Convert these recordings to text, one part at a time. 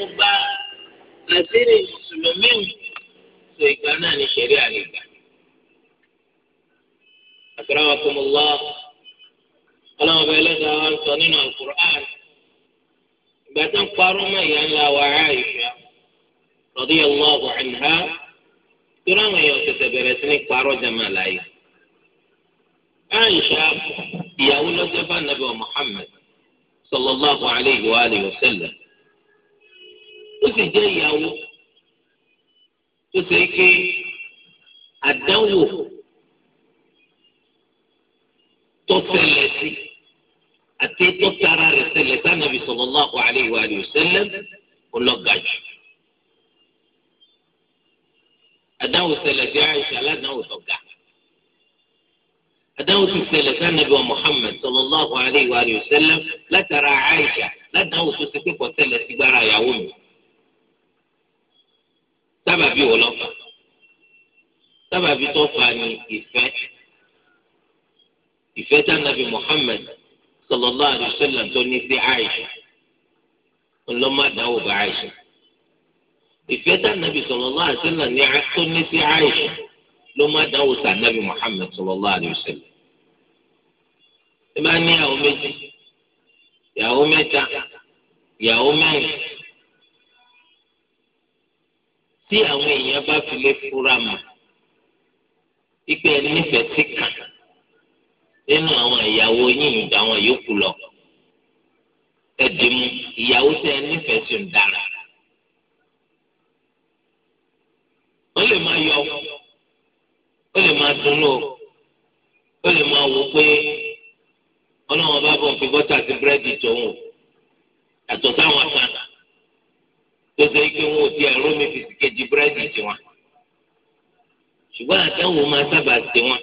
ẹnu bá àṣírí mùsùlùmí ṣe ìgbà náà ní sẹ̀rí àlejò. أكرمكم الله ọlọ́run ọba ẹlẹ́dàá wa ń sọ nínú àkùrọ̀ àrùn. ìgbà tó ń parọ́ mọ́ ìyá ńlá wa yẹn lọ́wọ́ Aisha radiyallahu rá. torí àwọn èèyàn tètè bẹ̀rẹ̀ sí ní parọ́ jama láàyè. Aisha ìyàwó lọ́jọ́ bá nàbẹ̀ Muhammad sallallahu alayhi wa alihi wa sallam. ó sì jẹ́ ìyàwó tó ṣe pé àdánwò tó ṣẹlẹ̀ sí àti tó tara rẹ̀ ṣẹlẹ̀ sánàbì sallallahu alaihi wa sallam ọlọ́gàjù. àdánwò ṣẹlẹ̀ sí àìsàn aládánwò sọ̀gà adáwò tó ṣẹlẹ̀ sí anabi wa muhammed sallallahu alayhi wa sallam látara aisha ládáwò tó ti pé kò ṣẹlẹ̀ sí gbára ìyàwó mi. sábà bí wò lọ́fà sábà bí tó fà ní ìfẹ́ ìfẹ́ tí tánàbí Muhammad sallallahu alaihi wasallam tó ní sí Aisha ọlọ́mọdàwò bá àìsàn ìfẹ́ tí tánàbí sallallahu alaihi wasallam tó ní sí àìsàn Aisha lọ́mọdàwò sànàbí Muhammad sallallahu alaihi wasallam ẹ bá ní àwọn méjì ìyàwó mẹ́ta ìyàwó mẹ́rin. tí àwọn èèyàn bá fi lè fura mọ̀ ipe ẹni nífẹ̀ẹ́ sí kan nínú àwọn ìyàwó yín ìdá àwọn yòókù lọ ẹdìmú ìyàwó tẹ ẹni nífẹ̀ẹ́ sí ń dára ó lè máa yọ ó lè máa dunnú ó lè máa wò pé ọlọ́wọ́n bá bọ̀ fi bọ́tà sí búrẹ́dì tòun àtọ̀ sáwọn kan tó ṣe pé wọn ò ti ẹ̀rú mi fi kejì búrẹ́dì tiwọn ṣùgbọ́n àtẹ̀wò máa sábà ṣe wọn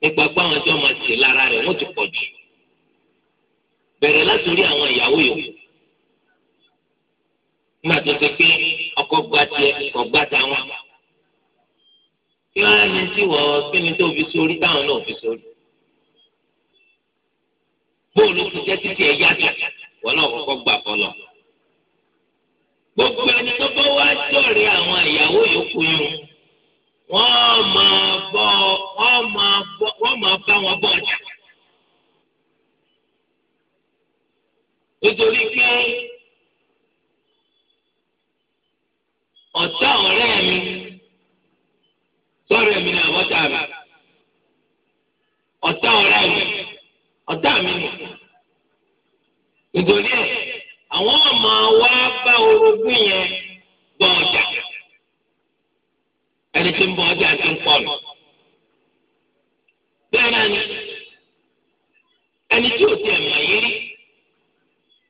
nípa pé àwọn tí wọ́n máa ṣe lára rẹ̀ wọ́n ti pọ̀ jù bẹ̀rẹ̀ láti rí àwọn ìyàwó yòókù nígbà tó ṣe pé ọkọ gba tiẹ̀ kọ̀ gba tàwọn kí wọ́n á ní tí wọ́n kí ni tó fi sórí táwọn náà fi sórí bóòlù ti jẹ́ títí ẹ̀ yájọ́ wọ́n náà kọ́kọ́ gbà fọlọ́. gbogbo ẹni tó bá wá jọ̀rẹ́ àwọn ìyàwó yòókù yìí wọ́n máa bọ́ wọ́n máa bọ́ wọ́n máa bá wọn bọ̀ ọjà. nítorí pé ọ̀tá ọ̀rẹ́ mi sọ̀rọ̀ mi ni àwọn mi ọ̀tá ọ̀rẹ́ mi ọ̀tá mi àwọn ọmọ wa bá orogún yẹn bọ ọjà ẹni tí ń bọ ọjà ti ń pọ̀ lọ. bẹ́ẹ̀ náà ni ẹni tí ò ti ẹ̀ mọ̀ yín rí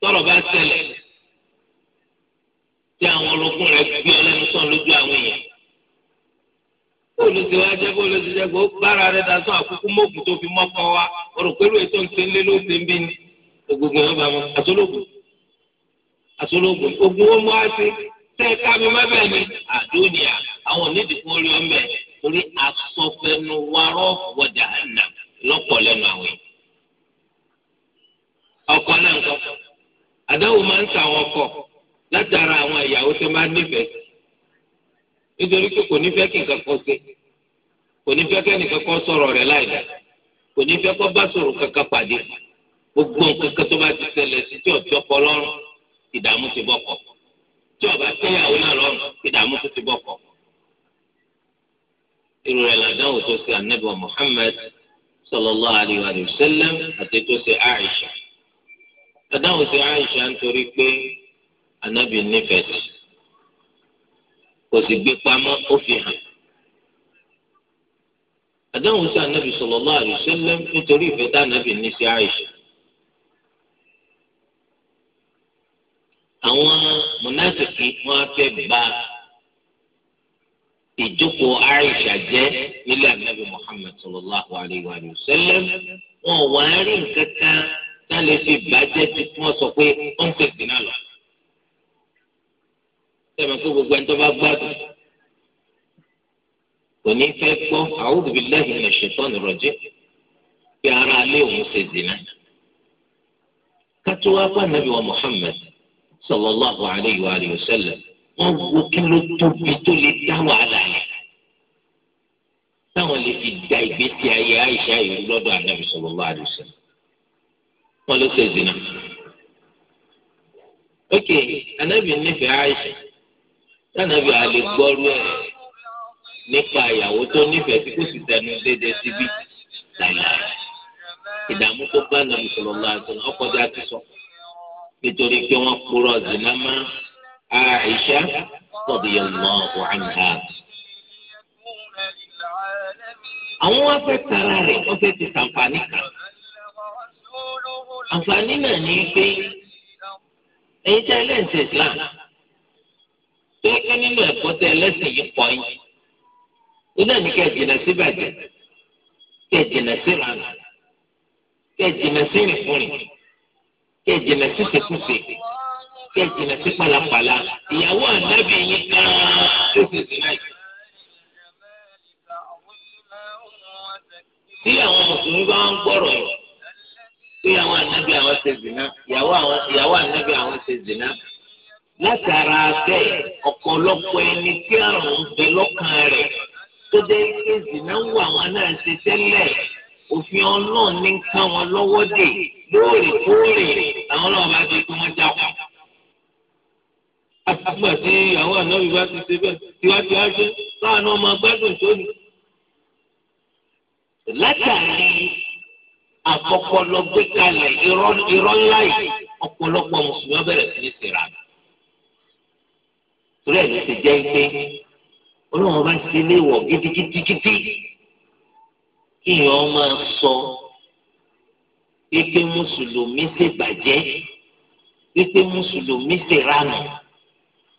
tọrọ bá ṣẹlẹ̀ tí àwọn orogún rẹ̀ gbé ọ lẹ́nu sàn lójú àwọn èèyàn olùsè wa jẹ́ olùsè jẹ́ kó bára rẹ̀ da sọ àkókò mọ́ògùn tó fi mọ́kàn wa òròpẹ́rù ètò ìṣẹ́lẹ̀ ló ti ń bí ni gbogbo yẹn bá àtúrógùn ogun ó mú wá sí tẹ kábí má bẹ́ẹ̀ àwọn orí ọmọ ẹ̀ torí asọfẹnuwarọ wọjà ẹ̀nà lọ́pọ̀ àwìn. ọkọ náà ń kọ́ máa ń ta àwọn ọkọ látara àwọn ìyàwó tó máa nífẹ̀ẹ́ nítorí pé kò ní kí nǹkan kò ní láì dá kò ní bá kankan pàdé gbogbo nǹkan ìdààmú ti bọkọ tí ọba tẹyàwó náà lọ́rùn ìdààmú tó ti bọkọ. irú rẹ̀ làdáwò tó ṣe ànábì Muhammad sallallahu alayhi wa sallam àti tó ṣe Aisha àdáwò ṣe Aisha nítorí pé ànábì nífẹ̀ẹ́ tì kò sì gbé pamọ́ ó fi hàn àdáwò ṣe sallallahu alayhi wa nítorí ìfẹ́ tá ní sí Aisha. àwọn mùnáfìkì wọn fẹ́ ba ìjókòó Aisha jẹ́ nílẹ̀ Ànábì Muhammad sallallahu alayhi wa sallam wọn wà á rí nǹkan kan tá lè fi bàjẹ́ tí wọ́n sọ pé ó ń tẹ̀sí náà lọ. sẹ́mi pé gbogbo ẹni tó bá gbádùn kò ní fẹ́ gbọ́ a'udhu billahi minash shaitani rajim bí ara alẹ́ òun ṣe dì kátó wá bá Ànábì wa Muhammad sallallahu alayhi wa alihi wa sallam wọ́n wo kí ló tóbi tó lè dá wàhálà yẹn táwọn lè fi da ìgbésí ayé àìsà yìí lọ́dọ̀ ànábì sallallahu alayhi wa sallam wọ́n ló ṣe zina. ok ànábì nífẹ̀ẹ́ àìsà tànàbì àlè gbọ́rú ẹ̀ nípa ìyàwó tó nífẹ̀ẹ́ tí kò sì tẹnu déédéé síbí láìláì ìdààmú tó bá ànábì sallallahu alayhi wa ọkọ̀ dá ti sọ nítorí pé wọ́n kúrò zina má Aisha radiyallahu anha. àwọn wá fẹ́ tara rẹ̀ wọ́n fẹ́ ti sàǹfààní kan. àǹfààní náà ní pé ẹ̀yin tẹ́ ẹlẹ́sìn Islam tó ń kẹ́ nínú ẹ̀kọ́ tẹ́ ẹlẹ́sìn yìí pọ̀ yín. ó ní kẹ́ jìnnà síbàjẹ́ kẹ́ jìnnà síranù kẹ́ jìnnà sírìnfúnrin kí ẹ jìnà sí ṣèkúṣe kí ẹ jìnà sí pàlàpàlà ìyàwó ànábì yín kan ló ṣe sí náà. tí àwọn mùsùlùmí bá ń gbọ́rọ̀ ẹ̀ pé àwọn ànábì àwọn ṣe zìnà ìyàwó ànábì àwọn ṣe zìnà látara bẹ́ẹ̀ ọ̀pọ̀lọpọ̀ ẹni tí àrùn ń bẹ lọ́kàn rẹ̀ tó dé pé zìnà ń wà wọn náà ṣe tẹ́lẹ̀ òfin ọlọ́run ní ká wọn lọ́wọ́ dè lóòrèkóòrè àwọn ọlọ́wọ́ bá di pé wọ́n já wọn. àtúgbà tí ìyàwó ànábì bá ti ṣe bẹ́ẹ̀ tiwájú ajé báwọn náà máa gbádùn tó ní. látàrí àfọpọlọ gbé kalẹ̀ irọ́ ńlá yìí ọ̀pọ̀lọpọ̀ mùsùlùmí bẹ̀rẹ̀ sí ní sèrà. torí ẹ̀ ló ti jẹ́ pé ọlọ́wọ́ bá ṣe léwọ̀ gidigidigidi kí ìyàn máa sọ. So, wípé mùsùlùmí ṣe bàjẹ́ wípé mùsùlùmí ṣe ránù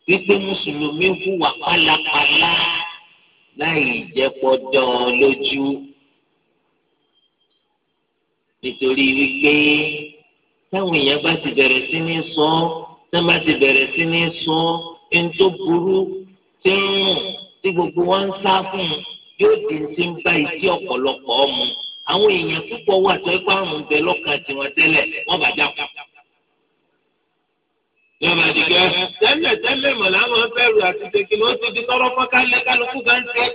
wípé mùsùlùmí hùwà pálapàla láì jẹ́ pọ́dọ̀ lójú nítorí wípé táwọn èèyàn bá ti bẹ̀rẹ̀ sí ní sọ táwọn bá ti bẹ̀rẹ̀ sí ní sọ ẹni tó burú tí ń rùn tí gbogbo wọn ń sá fún un yóò di ti ń bá ìdí ọ̀pọ̀lọpọ̀ ọmọ àwọn èèyàn púpọ̀ wà tó ẹ pé àrùn bẹ lọ́kàn tiwọn tẹ́lẹ̀ wọ́n bá dákú. Yọ̀bà dìgbẹ́ tẹ́lẹ̀ tẹ́lẹ̀ mọ̀lá máa ń bẹ̀rù àti tẹ̀kìlì ó ti di tọ́rọ́ fọ́nkálẹ̀ kálukú bá ń tẹ́.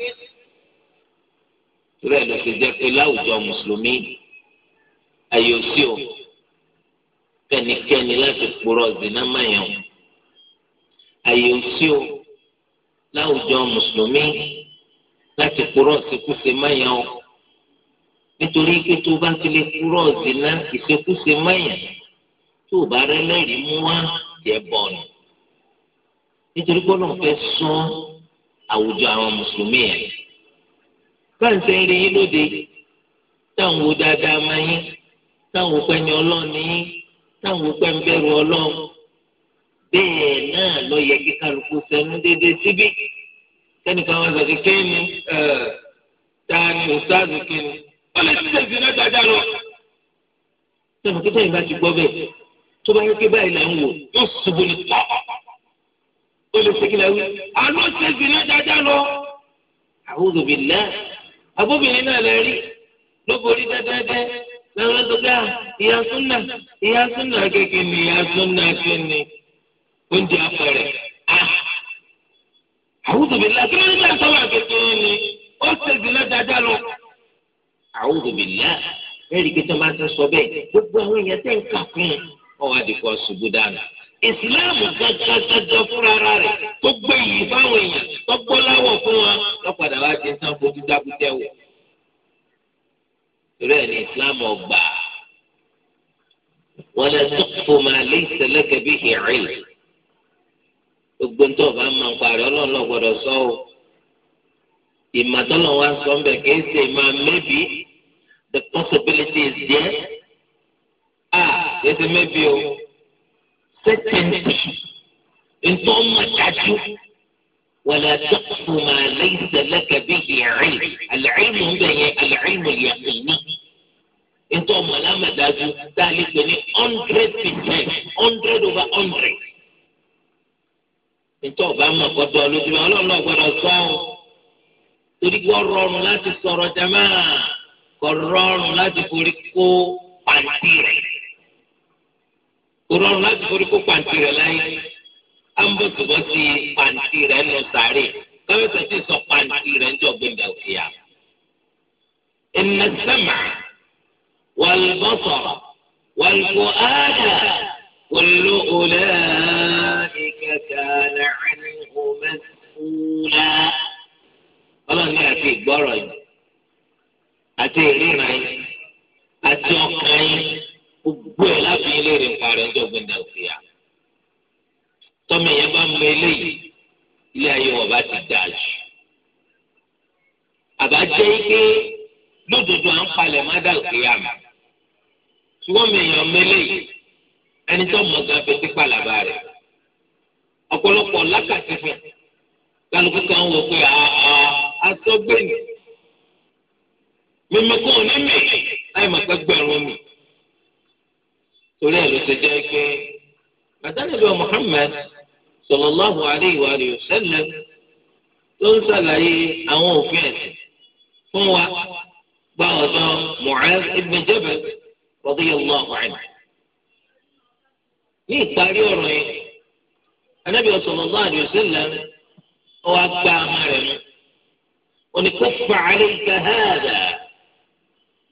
Torí ẹ̀ ló ti jẹ́ pé láwùjọ Mùsùlùmí ayò sí o kẹ́nikẹ́ni láti kúrọ̀ zina mayan ayò sí o láwùjọ Mùsùlùmí láti kúrọ̀ síkúsí nítorí pé tó bá ti lè kúrọ̀ zina ìṣekúṣe mẹ́yìn tó bá rẹ lẹ́rìí mú wá jẹ́ bọ̀nù nítorí pé ọlọ́run fẹ́ sún àwùjọ àwọn mùsùlùmí yẹn báńsẹ̀ ń rí yín lóde táwọn wo dáadáa máa yín táwọn wo pẹ́ni ọlọ́run yín táwọn wo pẹ́ ń bẹ̀rù bẹ́ẹ̀ náà lọ yẹ kí kálukú sẹ́nu dédé síbí kẹ́nìkan wọn sọ pé kéènì ẹ̀ ta ni òṣàzù kéènì wọ́n lè ṣe ìsìn náà dáadáa lọ. sọ̀rọ̀ kí sẹ́yìn bá ti gbọ́ bẹ́ẹ̀ tó bá yẹ kí báyìí là ń wò yóò ṣubú ní tọ́. ó lè ṣe kí la wí. àlọ́ ṣe ìsìn náà dáadáa lọ. àwọn òbí náà abóbìnrin náà lè rí ló dẹ́dẹ́dẹ́ lọ́wọ́ tó gbà ìyá súnà ìyá súnà kékeré ni ìyá súnà kékeré oúnjẹ apẹ̀rẹ̀ ah! àwọn òbí náà kí ló ń bá sọ́wọ́ àgbẹ̀tẹ̀ a'udhu billah ẹ̀rí pé tó máa ń sọ bẹ́ẹ̀ gbogbo àwọn èèyàn tẹ̀ ń kà fún un ọwọ́ àdìpọ̀ ṣubú dànù. ìsìláàmù gángan fúnra rẹ̀ tó gbé yìí fáwọn èèyàn tó gbọ́ láwọ̀ fún wọn lọ́padà wá ti ń tán fojú dákútẹ́ wò. ìrẹ́ ni ìsìláàmù ọgbà wọn lè tó fún ma lé ìsẹlẹ́kẹ̀ bí ìrìn. gbogbo ń tọ́ máa ń parí ọlọ́run lọ́gbọ́dọ̀ sọ ọ́ ìmọ̀tọ́lọ́ sọ ń bẹ̀ kì í the possibility is there. Ah, there's a maybe o. Certainty. Ntọ́ ma dájú. ولا تقف ما ليس لك به علم العلم هنا العلم اليقيني انتو ملامة داجو ذلك بني 100% 100 over 100 انتو بأما قد أولو جمع الله الله قد أصاو تريد ورون لا تسورة جماعة kò rọrùn láti forí kó pàǹtí rẹ̀ kò rọrùn láti forí kó pàǹtí rẹ̀ láyé ambosibo ti pàǹtí rẹ̀ nù sàárè káwéṣe ti sọ pàǹtí rẹ̀ ń jọ gbẹ̀ngà òkèèyà. inna sama wal basara wal fuada kullu ulaika kana ọlọ́run ní àti ìgbọ́rọ̀ yìí àti ìríran yín àti ọkàn yín gbogbo ẹ̀ láti ilé rẹ̀ parẹ́ ọjọ́ gbẹ̀dẹ̀ òkèèyà. tọ́mọ ìyẹn bá mọ eléyìí ilé ayé wọn bá ti dáa jù. àbájẹ́ ike lódodo à ń palẹ̀ má dà òkèèyà mọ́. ṣùgbọ́n mi èèyàn mọ eléyìí ẹni tó mọ̀ gan fetí pàlàbà rẹ̀. ọ̀pọ̀lọpọ̀ lákàtí fún un kálukú kan wò pé àá àtọ́gbẹ́ni. mímí kò ní mì láì má pẹ́ gbẹ̀rún mi. torí ẹ̀ ló ṣe jẹ́ pé àtàlẹ́lú Muhammad sallallahu alayhi wa sẹ́lẹ̀ tó ń ṣàlàyé àwọn òfin ẹ̀sìn fún wa gba ọ̀dọ̀ Mu'az ibn Jabal radiyallahu anhu. ní ìparí ọ̀rọ̀ yẹn anabi sallallahu alayhi wa sẹ́lẹ̀ ó wá gba àmà rẹ̀ mú. ونكف عليك هذا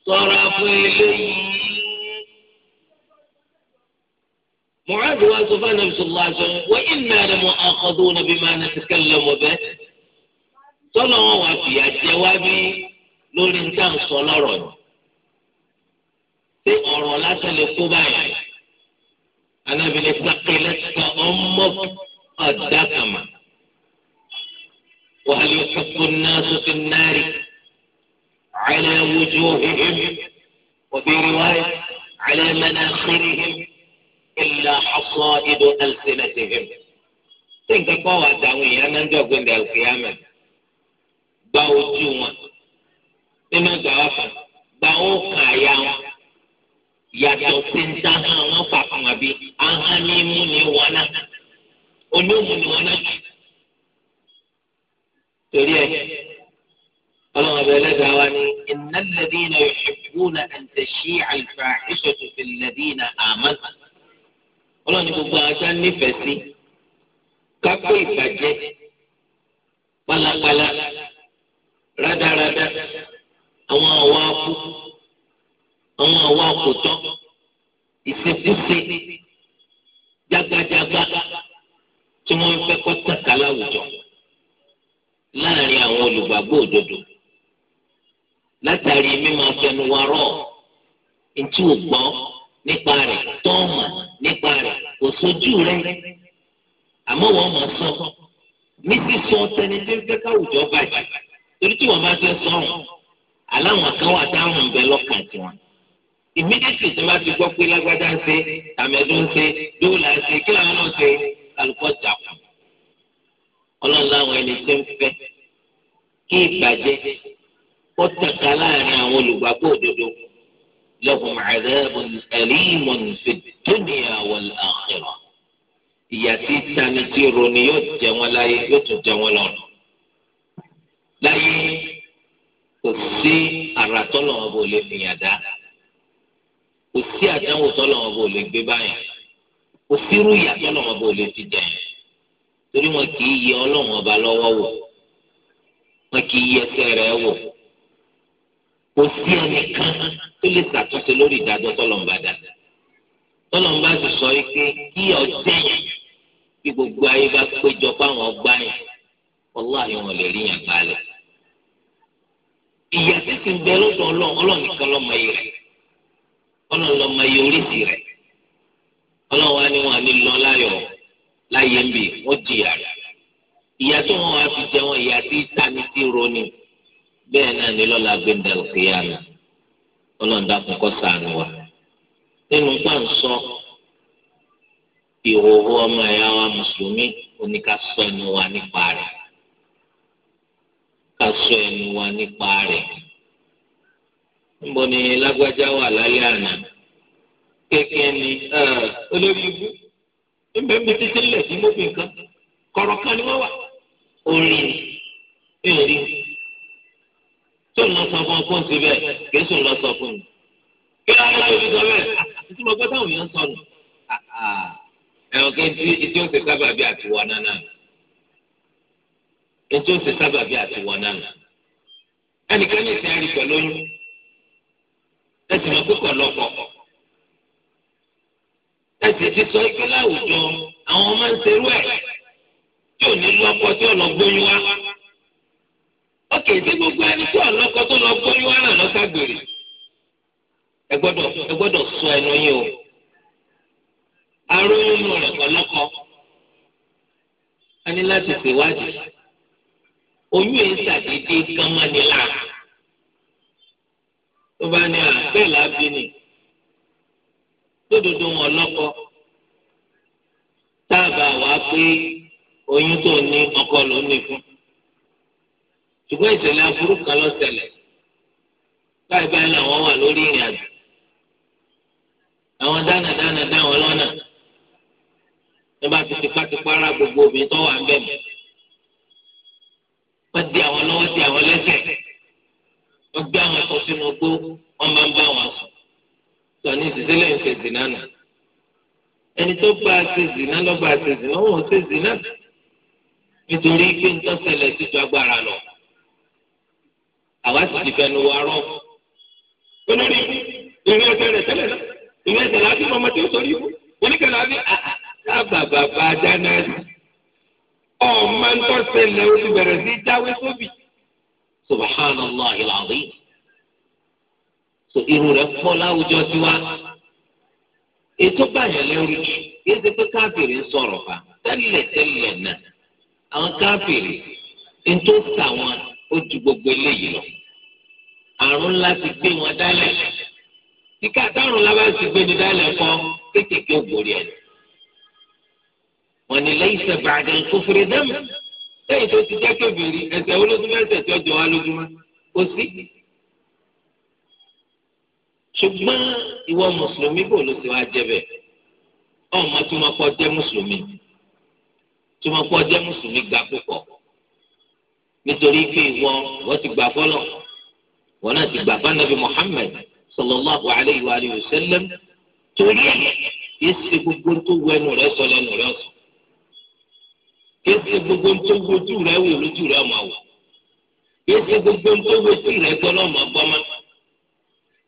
sọ̀rọ̀ fún eléyìí. معاذ وأصفى النبي صلى الله عليه وسلم وإنا لمؤاخذون بما نتكلم به tọ́lọ́ wọn wà fìyà jẹ wá bí lórí nǹkan à ń sọ lọ́rọ̀ ni tí ọ̀rọ̀ lásán lè kó báyìí anábìlẹ̀ sàkélé sọ ọmọ ọ̀dàkàmà wàhálà ìfọ̀kùn náà sókè náà rí. على وجوههم وفي رواية على مناخرهم إلا حصائد ألسنتهم تنك قوة داوية أنا نجوك عند القيامة باو جوا لما جوافا باو كايا yàtọ̀ sí ń dá hàn wọ́n fàkùn àbí ahọ́n ní mú ni wọn náà jù torí ẹ̀ ọlọ́run ọbẹ̀ ẹlẹ́dàá wa ni innal ladina yuhibbuna an tashi'a al-fahishatu fil ladina amanu ọlọ́run ní gbogbo àwọn sáà nífẹ̀ẹ́ sí kápẹ́ ìbàjẹ́ pálapàla rádaràda àwọn àwa kú àwọn àwa kò tọ́ ìṣekúṣe jágbajàgba tí wọ́n fẹ́ kọ́ tàkà láwùjọ láàrin àwọn olùgbàgbọ́ òdodo látàrí mímọ afẹnuwarọ ntí o gbọ́ nípa rẹ̀ tọọmà nípa rẹ̀ kò sojú rẹ̀ àmọ́ wọn mọ sọ ní sísọ tẹni tí ń fẹ́ káwùjọ bàjẹ́ torí tí wọn bá fẹ́ sọ ọhún aláwọn kan wà táwọn ń bẹ lọ́kàn tiwọn immediately tí wọn ti gbọ́ pé lágbájá ń ṣe tàmẹdó ń ṣe dóòlà ń ṣe kí làwọn náà ṣe kálukọ jà kù Ọlọ́run láwọn ẹni tí ń fẹ́ kí ìbàjẹ́ kó tẹ̀ka láàrin àwọn olùgbàgbọ́ òdodo lahum adhabun alimun fid dunya wal akhirah ìyà tí tani tí roni yóò jẹ wọn láyé yóò tún jẹ wọn lọ́run láyé kò sí ara tọ́lọ̀ wọn bò lè fìyà dá kò sí àdánwò tọ́lọ̀ wọn bò lè gbé báyìí kò sírú ìyà tọ́lọ̀ wọn bò lè ti jẹ yẹn torí wọn kì í yẹ ọlọ́wọ́n ọba lọ́wọ́ wò wọn kì í yẹ ẹsẹ̀ rẹ̀ wò kò sí ẹnìkan tó lè ṣàtúnṣe lórí ìdájọ́ tọ́lọ́mùbá dáadáa tọ́lọ́mùbá sì sọ pé kí ọjọ́ yẹn bí gbogbo ayé bá péjọ fáwọn ọgbà yẹn ọlọ́ àyè wọn lè rí yàn balẹ̀. ìyá títí ń bẹ lọ́dọ̀ ọlọ́run ọlọ́run nìkan lọ́mọ yìí rẹ̀ ọlọ́run lọ́mọ yìí oríṣi rẹ̀ ọlọ́run wa ni wọn àní lọ láyọ̀ láyé ń bì wọ́n jìyà rẹ̀ ìyá tó wọn wá fi jẹ wọn ìyá tí tani ti ro ni bẹ́ẹ̀ náà ní lọ́la gbẹ̀ndẹ̀lù kìyàmù ọlọ́ọ̀dà kún kọ́ sànù wa nínú pàǹsọ ìhòòhò ọmọ ẹ̀yà wa mùsùlùmí oníkàsọ ẹnu wa nípa rẹ̀ kàsọ ẹnu wa nípa rẹ̀ níbo ni lágbájá wà lálẹ́ àná kéèké ni olórí ibú ẹgbẹ́mi títí lẹ̀ sí mọ́bì nǹkan kọ̀rọ̀ kan ni wọ́n wà orin èrè tó ń lọ sọ fún ọkọ sí bẹ́ẹ̀ kìí sùn lọ sọ fún mi kí ló ń lọ sí sọ bẹ́ẹ̀ àti tí mo gbọ́ táwọn èèyàn sọ nù ẹ̀wọ̀n kí etí ó ti sábà bí àtiwọ́ náà etí ó ti sábà bí àtiwọ́ náà ẹnìkan ní ìsìn àríkọ lóyún ẹsìn lọ kókò lọkọ ẹsìn ti sọ ike láwùjọ àwọn máa ń serú ẹ tí ò ní lọkọ tí ò lọ gbóyún wá ọkè ìdí gbogbo ẹni tí ọlọ́kọ tó lọ gbórí wá náà lọ́sàgbèrè ẹ gbọ́dọ̀ ẹ gbọ́dọ̀ sọ ẹnu yín o aróyún nù rẹ̀ pọ̀lọ́kọ a ní láti ṣèwádìí oyún èyí ṣàdédé gánmánilá tó bá ní àbẹ́ làbí ni lódodo wọn lọ́kọ táàbà wàá pé oyún tó ní ọkọ ló ní fún ṣùgbọ́n ìṣẹ̀lẹ̀ aburú kan ló ṣẹlẹ̀ báyìí báyìí làwọn wà lórí ìrìn àjò àwọn dánadáná dá wọn lọ́nà ní bá ti tipátipá ra gbogbo obìnrin tó wà ń bẹ̀ mọ́ wọ́n di àwọn lọ́wọ́ di àwọn lẹ́sẹ̀ wọ́n gbé àwọn ẹ̀kọ́ sínú gbó wọ́n máa ń bá wọn sùn sọ ní ìdílé ń ṣe zìnnà nà ẹni tó bá a ṣe zìnnà lọ́ba ṣe zìnnà wọ́n ò ṣe zìnnà nítorí pé ń tọ́ ṣẹlẹ̀ síjú agbára lọ àwa sì ti fẹnu wa rọ olórí ìwé ẹsẹ rẹ tẹ́lẹ̀ náà ìwé ẹsẹ láti mọ ọmọ tí ó sọrí ibú oníkẹlẹ àbí àbàbàbà ah, ah, ah, dáná ọmọ ntọ́sẹ̀lẹ̀ o ti bẹ̀rẹ̀ sí jáwé sóbì subhanallah ilàlí so irú rẹ pọ̀ láwùjọ tiwa ètò báyọ̀ lẹ́rù jù yé ṣe pé káfíìrì ń sọ̀rọ̀ bá tẹ́lẹ̀ tẹ́lẹ̀ náà àwọn káfíìrì ń tó sàwọn ó ju gbogbo eléyìí lọ àrùn ńlá ti gbé wọn dálẹ̀ kíkà táwọn ńlá bá ti gbé ni dálẹ̀ kọ́ kéékèèké ò borí ẹ̀ wọn ni lẹ́yìn sẹ̀fà àgàn kófìrí dẹ́mu lẹ́yìn tó ti jẹ́ kébìrì ẹsẹ̀ olóṣùmẹ́sẹ̀ tó jọ wá lójúmọ́ kò sí. ṣùgbọ́n ìwọ mùsùlùmí kò ló ti wá jẹ bẹ́ẹ̀ ọmọ tó máa kọ́ jẹ́ mùsùlùmí tó máa kọ́ jẹ́ mùsùlùmí ga púpọ̀ nítorí pé ìwọ ìwọ ti gbà fọlọ wọn náà ti gbà fanabi Muhammad sallallahu alayhi wa alihi wa sallam torí ẹ yéésì gbogbo tó wọ ẹnu rẹ sọ lẹnu rẹ sọ yéésì gbogbo tó wọ ojú rẹ wò lójú rẹ ọmọ wò yéésì gbogbo tó wọ etí rẹ gbọ́ lọ́mọ gbọ́mọ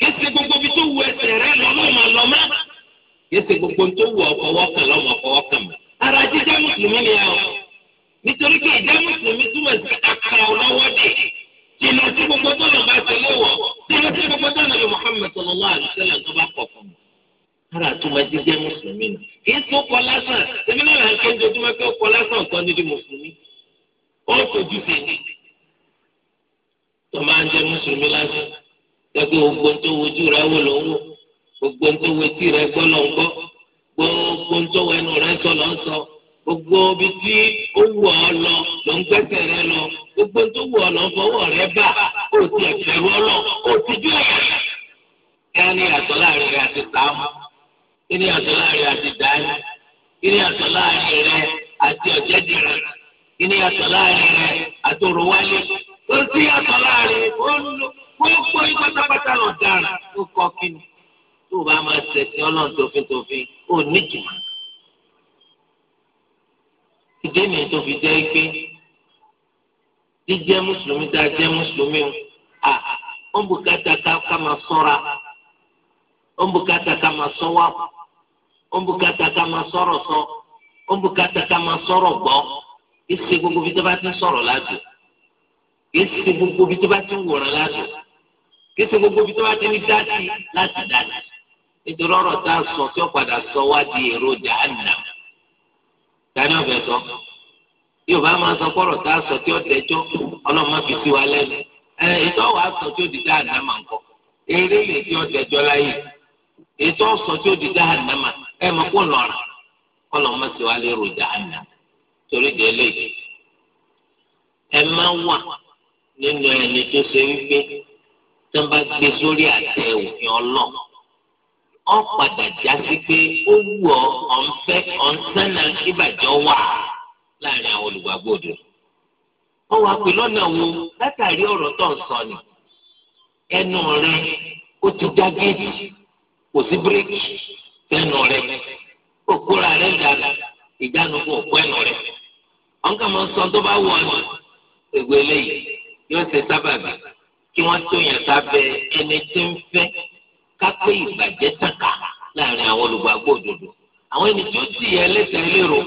yéésì gbogbo bí tó wọ ẹsẹ̀ rẹ lọ́mọ lọ́mọ yéésì gbogbo tó wọ ọ̀fọwọ́kàn lọ́mọ ọ̀fọwọ́kàn mọ́ ara jíjẹ́ mùsùlùmí ni ẹ wọ nítorí pé ìjẹ́ mùsùlùmí túmọ̀ sí àkàrà ọlọ́wọ́ dè jìnnà sí gbogbo tọ́nà bá tẹ̀lé wọ̀ jìnnà sí gbogbo tọ́nà bí Muhammad sallallahu alaihi wasallam tó bá kọ̀ fún mi. ara àtúmọ̀ jíjẹ́ mùsùlùmí nù kì í tó kọ lásán èmi náà ń kéde ojúmọ́ pé ó kọ lásán kan nídìí mùsùlùmí ó tójú sí i. tó máa mùsùlùmí lásán gbogbo gbogbo tó rẹ gbogbo obi tí ó wù ọ lọ ló ń gbẹ́sẹ̀ rẹ lọ gbogbo tó wù ọ lọ fọwọ́ rẹ bà ó ti ẹ̀fẹ̀rù ọlọ ó ti jó ẹ̀yà. kí ni àtọ́ láàrin rẹ àti tààmù kí ni àtọ́ láàrin àti kí láàrin rẹ àti kí láàrin rẹ àti ó ti àtọ́ láàrin gbogbo ìpátápátá lọ dára ó kọ́ kí ni tó o bá máa ṣẹ̀sìn ọlọ́run tófin ìdí nìyí tó fi jẹ́ pé jíjẹ́ mùsùlùmí tá a jẹ́ mùsùlùmí o ó ń bùkátà ká máa sọ́ra ó ń bùkátà ká máa sọ wá ó ń bùkátà ká máa sọ̀rọ̀ sọ ó ń bùkátà ká máa sọ̀rọ̀ gbọ́ ìṣe gbogbo bí tó bá ti ń sọ̀rọ̀ lájò ìṣe gbogbo bí tó bá ti ń wòran lájò ìṣe gbogbo bí tó bá ti ń dá sí láti dá sí nítorí ọ̀rọ̀ tá a sọ tí ó padà sọ wá di èròjà àná. dání ọbẹ sọ yóò bá máa sọ kọrọ tá a sọ tí ó dẹjọ ọlọmọ fi sí wa lẹ́nu ẹ ìtọ́ wàá sọ tí ó di dáadáa máa ń kọ eré lè tí ó dẹjọ láyè ètò ọsọ tí ó di ẹ mọ kó ọlọmọ sí wa lérò torí de eléyìí ẹ má ọ padà já sí pé ó wù ọ ọ̀nfẹ́ ọ̀nsánà ìbàjọ́ wà láàrin àwọn olùgbàgbọ́ òdo. wọ́n wá pè lọ́nà wo látàrí ọ̀rọ̀ tó ń sọ ni ẹnu rẹ ó ti dá géètì kò sí bíréèkì fẹ́nu rẹ òkúra rẹ dára ìjánu kò kó ẹnu rẹ. wọ́n kà máa ń sọ tó bá wù ọ ni eléyìí yóò ṣe sábàbí kí wọ́n tó yàn sábẹ́ ẹni tí ń fẹ́. kápẹ́ ìbàjẹ́ tàkà láàrin àwọn olùgbàgbọ́ òdodo àwọn ẹni tí ó sì yẹ ẹlẹ́sẹ̀ lérò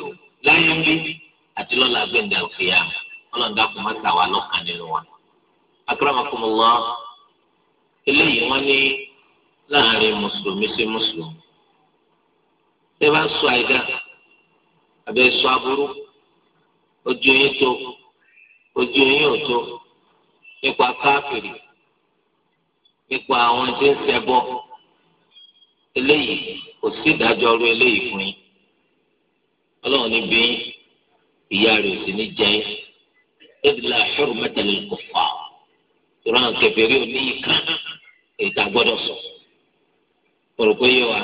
láyé ń bí àti lọ́la gbẹ̀ngà òfìyà ọlọ́dà kò má tà wá lọ́kàn nínú wọn. akramakumullah eléyìí wọ́n ní láàrin mùsùlùmí sí mùsùlùmí ṣé bá ń sọ àìdá sọ aburú ojú yín tó ojú yín eléyìí kò sí ìdájọ́ ọ̀rọ̀ eléyìí fún yín ọlọ́run ní bí ìyá rẹ̀ ò sì ní jẹ́ ẹ̀dínlá ṣọ́rù mẹ́tẹ̀lẹ́ kò fà á ìrọ̀ àwọn kẹfẹ́rẹ́ ò ní yí ká ìta gbọ́dọ̀ sọ ọ̀rọ̀ pé yé wa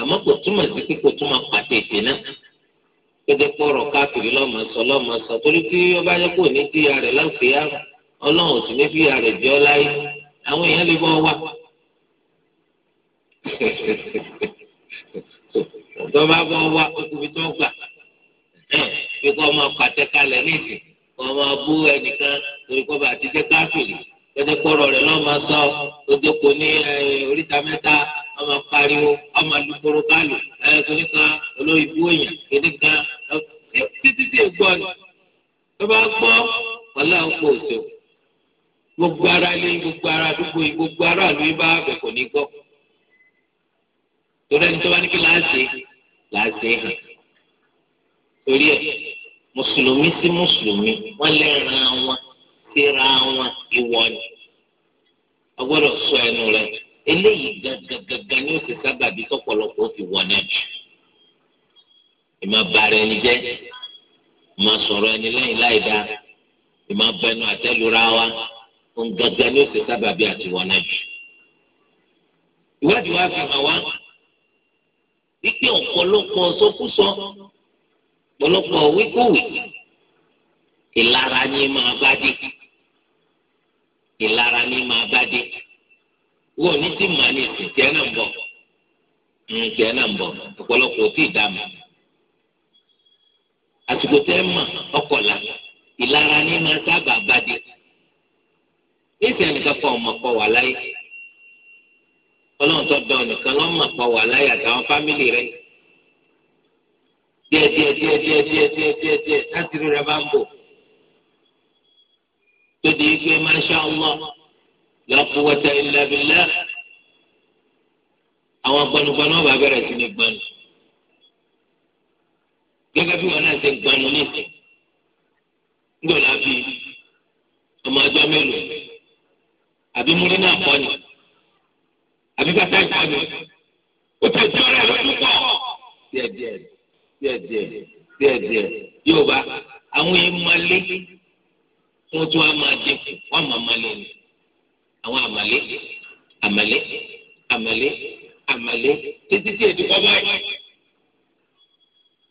àmọ́ kò túmọ̀ sí pé kò túmọ̀ pàtẹ náà pété pọ̀rọ̀ káàkiri lọ́mọ sọ lọ́mọ sọ torí tí ọba yẹ kó ní tíya rẹ̀ láǹfẹ̀ẹ́ ọlọ́run ò sì ní fìyà rẹ̀ jẹ́ ọ àwọn èèyàn lè bọ́ wà tó bá bọ́ wá okùnfin tó gbà bí kò máa pàtẹ kalẹ̀ nídìí kò máa bú ẹnìkan torí kò bá ti jẹ́ káfíìrì tọ́jú kọ́rọ̀ rẹ̀ lọ́ọ́ máa sọ ojú kò ní oríta mẹ́ta ọmọ pariwo ọmọ alukoro kálù ẹ̀ẹ́dẹ́gbẹ̀rún kan olóyìnbó èèyàn kéde kan títí tí gbọ́ ni tó bá gbọ́ ọ̀la ń pò tó gbogbo ara ilé gbogbo ara àdúgbò gbogbo ara ìlú ibà bẹ̀ kò ní gbọ́ torí ẹni tó bá ní kí láàṣẹ láàṣẹ hàn torí ẹ mùsùlùmí sí mùsùlùmí wọn lè ran wọn síra wọn ìwọ ni a gbọ́dọ̀ sọ ẹnu rẹ eléyìí gangan ni ó ti sábà bí tọ̀pọ̀lọpọ̀ ó ti wọ náà jù ìmọ̀ bàrẹ ẹni jẹ́ ìmọ̀ sọ̀rọ̀ ẹni lẹ́yìn láì dáa ìmọ̀ bẹnu àtẹ́lura wa ohun gangan ni ó ti sábà bí àtiwọ náà jù ìwádìí wa fi hàn wá wípé ọ̀pọ̀lọpọ̀ sọkúsọ ọ̀pọ̀lọpọ̀ wíkúwì ìlara ni máa bá dé ìlara ni máa bá dé wọ́n ní tí màá ní ìtìtìẹ́ náà ń bọ̀ ìtìtìẹ́ náà ń bọ̀ ọ̀pọ̀lọpọ̀ ò tí ì dá àsìkò tẹ́ mọ̀ ọkọ̀la ìlara ni máa sábà bá dé ní ìsẹ̀nìkan kan ọmọ kọ wà láyé ọlọ́run tó dán nìkan ló mọ̀ pọ̀ wà láyé àtàwọn fámìlì rẹ̀ díẹ̀ díẹ̀ díẹ̀ díẹ̀ díẹ̀ díẹ̀ díẹ̀ díẹ̀ láti rí rẹ̀ bá ń bò tó di igbe masha Allah la quwwata illa billah àwọn gbanugbanu ọba bẹ̀rẹ̀ sí ní gbanu gẹ́gẹ́ bí wọn náà ṣe gbanu nìkan ńgbọ̀n lábí ọmọ ọjọ́ mélòó àbí múrí náà pọ̀ nìkan àbí bàtà ìsàmì ó tẹ̀sí ọ̀rẹ́ lọ́dún pọ̀ díẹ̀díẹ̀ díẹ̀díẹ̀ díẹ̀díẹ̀ yóò bá àwọn yẹn máa lé wọn tún á máa dínkù wọn máa máa lé ni àwọn àmàlé àmàlé àmàlé àmàlé títí tí èdè kọ́ báyìí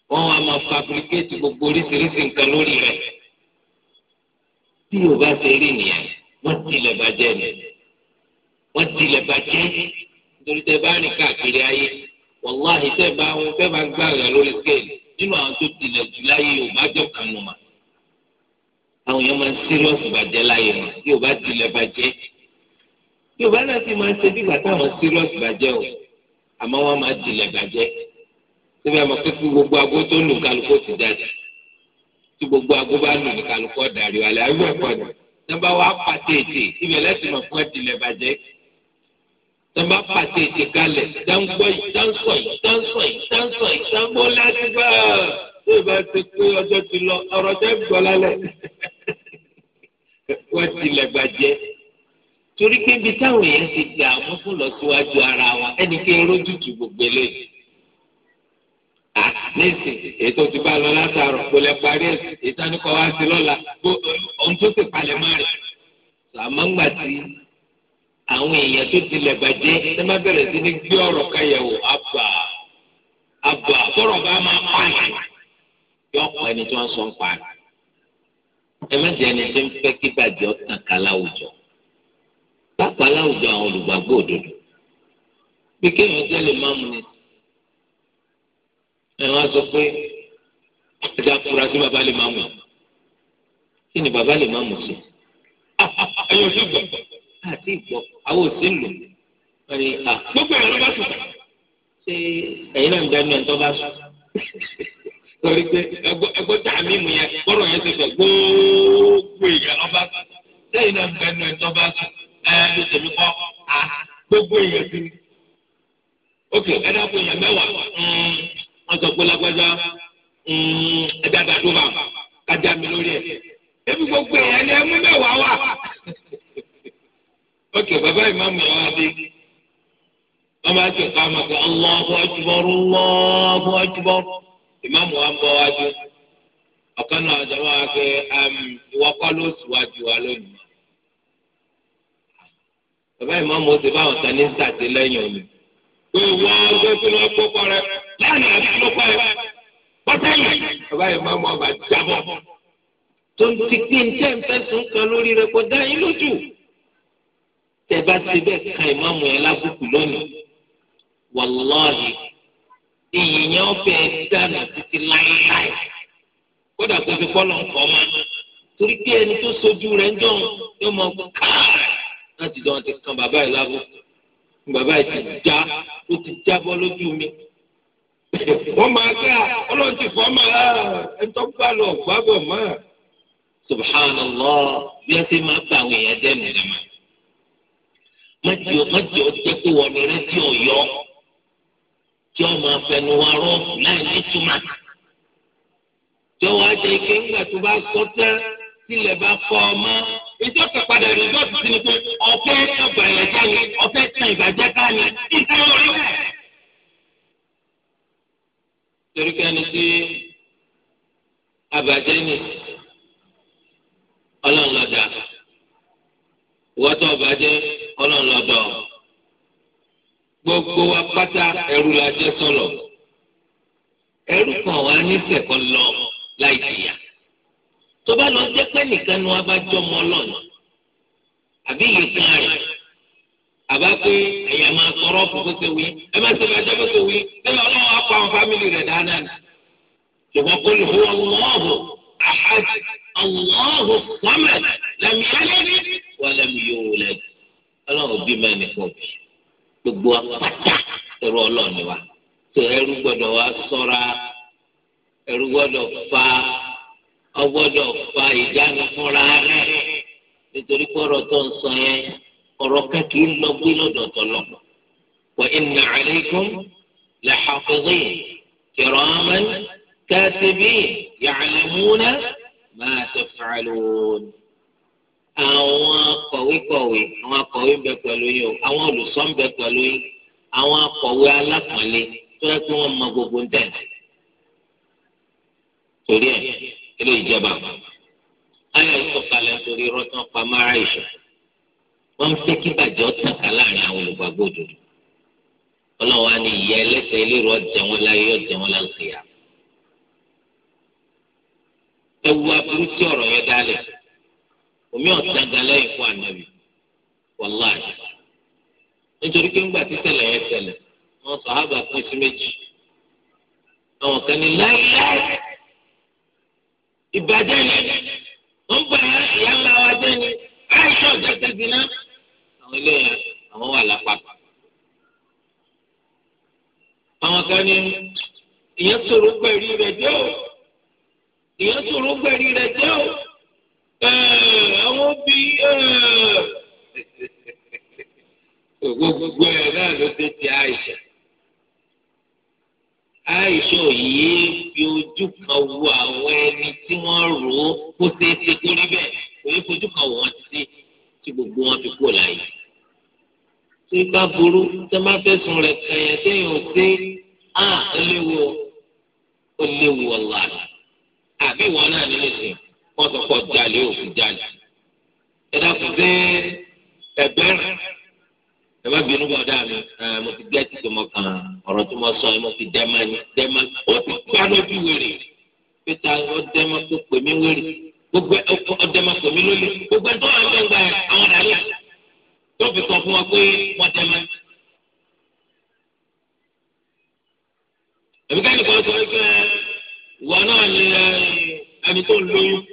wọn á máa fabricate gbogbo oríṣiríṣi nǹkan lórí rẹ̀ tí yóò bá ṣe rí nìyẹn wọn tilẹ̀ bàjẹ́ nìyẹn wọ́n tilẹ̀ bàjẹ́ nítorí tẹ bá rìn káàkiri ayé wàláhì tẹ bá wọn tẹ bá gbà rẹ lórí skéèlì nínú àwọn tó tilẹ̀ jù láyé ò bá jọ kan nù àwọn èèyàn máa ń sírọ́ọ̀sì bàjẹ́ láyé mà tí ò bá tilẹ̀ bàjẹ́ tí ò bá náà ti máa ń ṣe bí bàtà sírọ́ọ̀sì bàjẹ́ o àmọ́ wọn máa tilẹ̀ bàjẹ́ síbẹ̀ mọ̀ pé kí gbogbo agbó tó lù kálukó ti dájú tí gbogbo agbó bá lù kálukó dàrí wàlẹ́ àyùbọ̀ pọ̀ ní tọ́ba pàtẹ ètè kalẹ̀ dáńgbọ́ yìí dáńsọ̀ yìí dáńsọ̀ yìí dáńsọ̀ yìí dáńgbọ́ láti gbà tó ìbá ti pé ọjọ́ ti lọ ọ̀rọ̀ tẹ́ gbọ́ lálẹ́ wọ́n tilẹ̀ gbàjẹ́ torí pé ibi táwọn èèyàn ti dà mú fún lọ síwájú ara wa ẹnì kí eré tutù gbogbo eléyìí à nísìnyí ètò ti bá lọ látàrọ kò lè parí ẹsìn ìtàníkọ wá sí lọ́la òun tó ti palẹ̀ mọ́ rẹ̀ sàmọ́ngbà tí àwọn èèyàn tó tilẹ̀ bàjẹ́ ẹ má bẹ̀rẹ̀ sí ní gbé ọ̀rọ̀ káyẹ̀wò àbà àbà tọ̀rọ̀ bá máa pààyàn yọ ọ̀pọ̀ ẹni tí wọ́n sọ ń pa ẹ má jẹ́ ẹni tí ń fẹ́ kí bàjẹ́ ọ̀tàn ká láwùjọ pàápàá láwùjọ àwọn olùgbàgbọ́ òdodo bí kéèyàn jẹ́ lè má mu ni ẹ wá sọ pé ẹja fura sí baba lè má mu kí ni baba lè má mu sí ẹ̀yin ò sí gbàgbọ́ àti ìgbọ́ àwọn òsì ń lò ẹ̀yìn à gbogbo ẹ̀rọ bá sùn ṣé ẹ̀yin náà ń dẹnu ẹ̀ tó bá sùn torí pé ẹgbẹ́ tá a mímu yẹn bọ́rọ̀ yẹn ti fẹ̀ gbogbo èèyàn ọba sẹ́yìn náà ń dẹnu ẹ̀ tó bá sùn ẹ̀ ẹ̀ tèmi kọ́ à gbogbo èèyàn sí ok ẹ dákun èèyàn mẹ́wàá hmm, wọ́n sọ pé lágbájá ẹ̀dá dàdúrà kájà mi lórí ẹ̀ ẹ̀mí gbogbo èèyàn ni ẹ̀ mú mẹ́wàá wà ókè bàbá ìmáàmù yẹn wá dé wọ́n bá tẹ̀ ká máa gbé Allahu Akbar Allahu Akbar ìmáàmù wa ń bọ̀ wájú ọ̀kan náà ọ̀jọ̀ máa gbé ìwọ kọ́ ló síwájú wa lónìí. bàbá ìmáàmù ó ti bá àwọn sani ṣàtìlẹ́yìn òní. pé wọ́n gbé sínú ọkọ̀ kọrẹ lánàá àti lópa ẹ̀ pátá yìí. bàbá ìmáàmù ọba jábọ̀ tó ń ti pín tẹ́ǹfẹ́ sùn kan lórí rẹ̀ kó yín lójú tẹ bá ti bẹ́ẹ̀ kan ìmáàmù yẹn lábùkù lónìí wàlọ́ọ̀hì iyì yẹn ó bẹ́ẹ̀ dànù títí láéláé kódà kó fi kọ́lọ̀ nǹkan ma torí pé ẹni tó sojú rẹ̀ ń dọ̀hún yóò mọ káàrà láti dọ̀hún ti kan bàbá yìí lábùkù bàbá yìí ti já ó ti jábọ́ lójú mi wọ́n máa gbé ọlọ́run ti fọ́ máa ẹni tó gbà lọ gbàgbọ́ máa subhanallah bí ẹ ti máa gbà àwọn èèyàn dẹ́nu rẹ̀ máa mẹjọ mẹjọ jẹ pé wọn ni rédíò yọ tí wọn máa fẹnu wa rọọfù láì nítumọ̀ jọ̀wọ́ ajẹ ike ńgbà tó bá sọ tẹ tilẹ̀ bá fọ ọmọ ìjọ kẹpadà rìsọ́ọ̀tì sí ni pé ọ̀fẹ́ ọ̀bẹ̀rẹ̀ ká ni ọ̀fẹ́ tán ìbàjẹ́ ká ni ìtàn orí rẹ̀. torí kẹ́ni tí abàjẹ́ ni ọlọ́run lọ́dà ìwọ́tọ̀ ọ̀bàjẹ́ ọlọ́ọ̀lọ́dọ̀ gbogbo wa pátá ẹrú la jẹ́ sọ̀lọ̀ ẹrú kan wà ní sẹ̀kọ́ lọ láì jìyà tó bá lọ jẹ́ pé nìkan ni wọ́n bá jọ mọ́ lọ́nà àbí ìyíkan rẹ̀ àbá pé ẹ̀yà máa sọ̀rọ̀ fún bó ṣe wí ẹ má ṣe máa jẹ́ wí ṣé ọlọ́run á pa àwọn fámìlì rẹ̀ dáadáa ni ṣùgbọ́n kó lè hu ọlọ́hùn àhàjì ọlọ́hùn wàmẹ̀ lẹ́mìí ẹlẹ́ni wà lẹ́mìí yóò lẹ́dí ọlọ́run òbí mẹ́rin nìkan òbí gbogbo apáta ẹrú ọlọ́run wa tó ẹrú gbọ́dọ̀ wá sọ́ra ẹrú gbọ́dọ̀ fa ọgbọ́dọ̀ fa ìdáná fúnra rẹ̀ nítorí kọ́rọ̀ tó ń sọ yẹn ọ̀rọ̀ kẹ́kì ń lọ́dọ̀ tọ̀lọ̀ wa inna alaykum la hafizin kiraman katibin ya'lamuna ma àwọn kọ̀wékọ̀wé àwọn akọ̀wé ń bẹ pẹ̀lú yín o àwọn olùsọ ń bẹ pẹ̀lú yín àwọn akọ̀wé alápọ̀nlé tó yẹ kí wọ́n mọ gbogbo ń tẹ̀. torí ẹ ilé ìjọba ayé ìsọ̀kalẹ̀ nítorí rọ́tàn pamọ́ ara ìṣọ̀ wọ́n ń fẹ́ kí bàjẹ́ ọ̀tàn ká láàrin àwọn olùgbàgbọ́ òdodo ọlọ́wọ́ á ìyá ẹlẹ́sẹ̀ eléèrò ọ̀jẹ̀ wọn láyé ọ̀jẹ̀ wọn lálùkìyà. ẹ wo aburú tí ọ̀rọ̀ yẹn dálẹ̀ omi ọ̀sán gan lẹ́yìn fún ànábì wàláì nítorí pé ńgbà títẹ̀lẹ̀ yẹn tẹ̀lẹ̀ wọn sàhábà pín sí méjì àwọn kan ní ìbàjẹ́ ni wọ́n gba ìyá ńlá wa jẹ́ ni àìsàn ọ̀jẹ̀ tẹ̀sí náà àwọn àwọn wà lápapọ̀ àwọn sọ̀rọ̀ rẹ̀ jẹ́ o sọ̀rọ̀ Eh, àwọn bí eh. gbogbo ẹ̀ náà ló dé ti àìsà àìsà yìí fi ojú kan wo àwọn ẹni tí wọ́n rò ó kó ṣeé ṣe kó rí bẹ́ẹ̀ kò ní fojú kan wọ́n ti tí gbogbo wọn fi kúrò láàyè tí bá burú tẹ má fẹ̀sùn rẹ̀ kẹyẹ sẹ́yìn ò sí à ah, ó léwu ó léwu ọlá àbí ìwọ náà nílé sìn kọ́sọ̀kọ́ jalè òkú jalè. ẹ dákun sí ẹgbẹ́ ẹ má bínú bọ̀ dáa mi mo ti gẹ́ ti tọmọ kan ọ̀rọ̀ tí mo sọ ẹ mo ti dẹ́mà ní dẹ́mà ó ti gbá lójú wèrè pété ọ dẹ́mà tó pè mí wèrè gbogbo ọ dẹ́mà pè mí lólè gbogbo ẹ̀tọ́ àwọn ọ̀gbọ́n gba àwọn dàlẹ́ tó fi sọ fún wa pé wọ́n dẹ́mà. ẹ̀mí káyọ̀ kan sọ pé ìwọ náà ni ẹni tó ń lóyún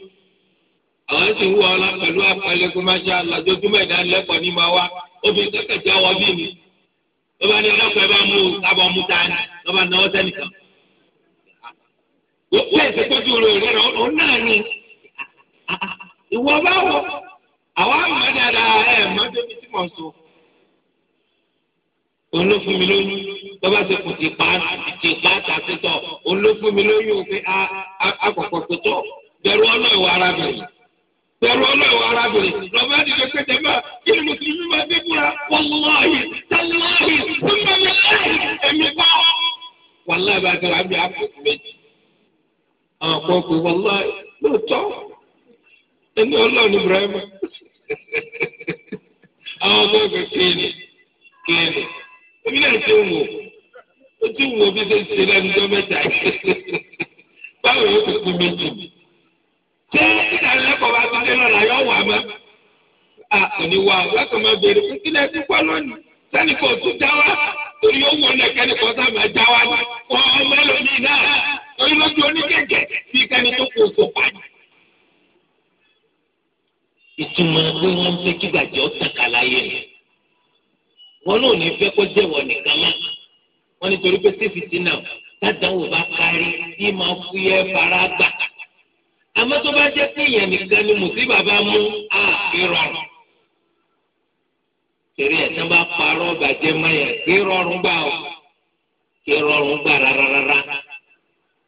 àwọn sì ń wọ ọ pẹ̀lú àpẹẹlẹ kó má ṣe àlàjojúmọ́ ìdánilẹ́kọ̀ọ́ ní ma wá obìnrin kẹ́kẹ́ jẹ́ ọwọ́ bí mi ló bá ní ẹlẹ́kọ̀ọ́ bá mú o kábọ̀ mú ta ni ló bá náwó sẹ́nìkan. wọ́n ti kójú rẹ̀ rẹ̀ ọ̀hún náà ni ìwọ bá wọ àwọn àmọ́ dáadáa ẹ̀ mọ́ débi tí mò ń sọ. olófin mi lóyún tó bá ti kù ti pa ti pa tàbí tọ̀ olófin mi lóyún pé a kọ̀kọ̀ pé tọ̀ bẹ̀rù ìwà arábìnrin. Bẹ̀rù ọlọ́wọ́ arábìnrin. Lọ́ba ti lè pété bá kí ni Mùsùlùmí máa dé búra? Wàláhì, tàláhì, túnbọ̀láhì, ẹ̀mí bá. Wàláhì bá tẹ̀lé àbí àpòkù méjì. Àwọn kan pè wàláhì lóòótọ́. Ẹni ọlọ́run Ibrahim. Àwọn ọmọ ẹgbẹ́ kéènì kéènì. Èmi náà ti wò ó ti wò bí ṣe ń ṣe lẹ́nu tó mẹ́ta. Báwo yóò fi kú méjì mi? ṣé ìdánilẹ́kọ̀ọ́ bá ti dé lọ́la yóò wà mọ́. a òní wa láti máa béèrè fún kílẹ̀ tí kọ́ lónìí sẹ́nìkọ̀ tó já wa torí ó wọ lẹ́kẹ́nìkọ̀ sá máa já wa ní. ọmọ mélòó náà torí lójú oníkẹ̀kẹ̀ bí kẹ́ni tó kò sọ pàdé. ìtumọ̀ pé wọ́n ń fẹ́ kí gbàjẹ́ ó tàkà láyé rẹ̀ wọn náà ní fẹ́ kó jẹ́wọ́ nìkan má wọ́n nítorí pé sífìtì náà dáadáa wò bá kárí yìí máa fúyẹ́ fara gbà àmọ́ tó bá jẹ́ pé èèyàn nìkan ni mùsíbà bá mú àìrọ̀rùn. torí ẹ̀ tán bá parọ́ bàjẹ́ mayà kí rọrùn gbà ó kí rọrùn gbà rárára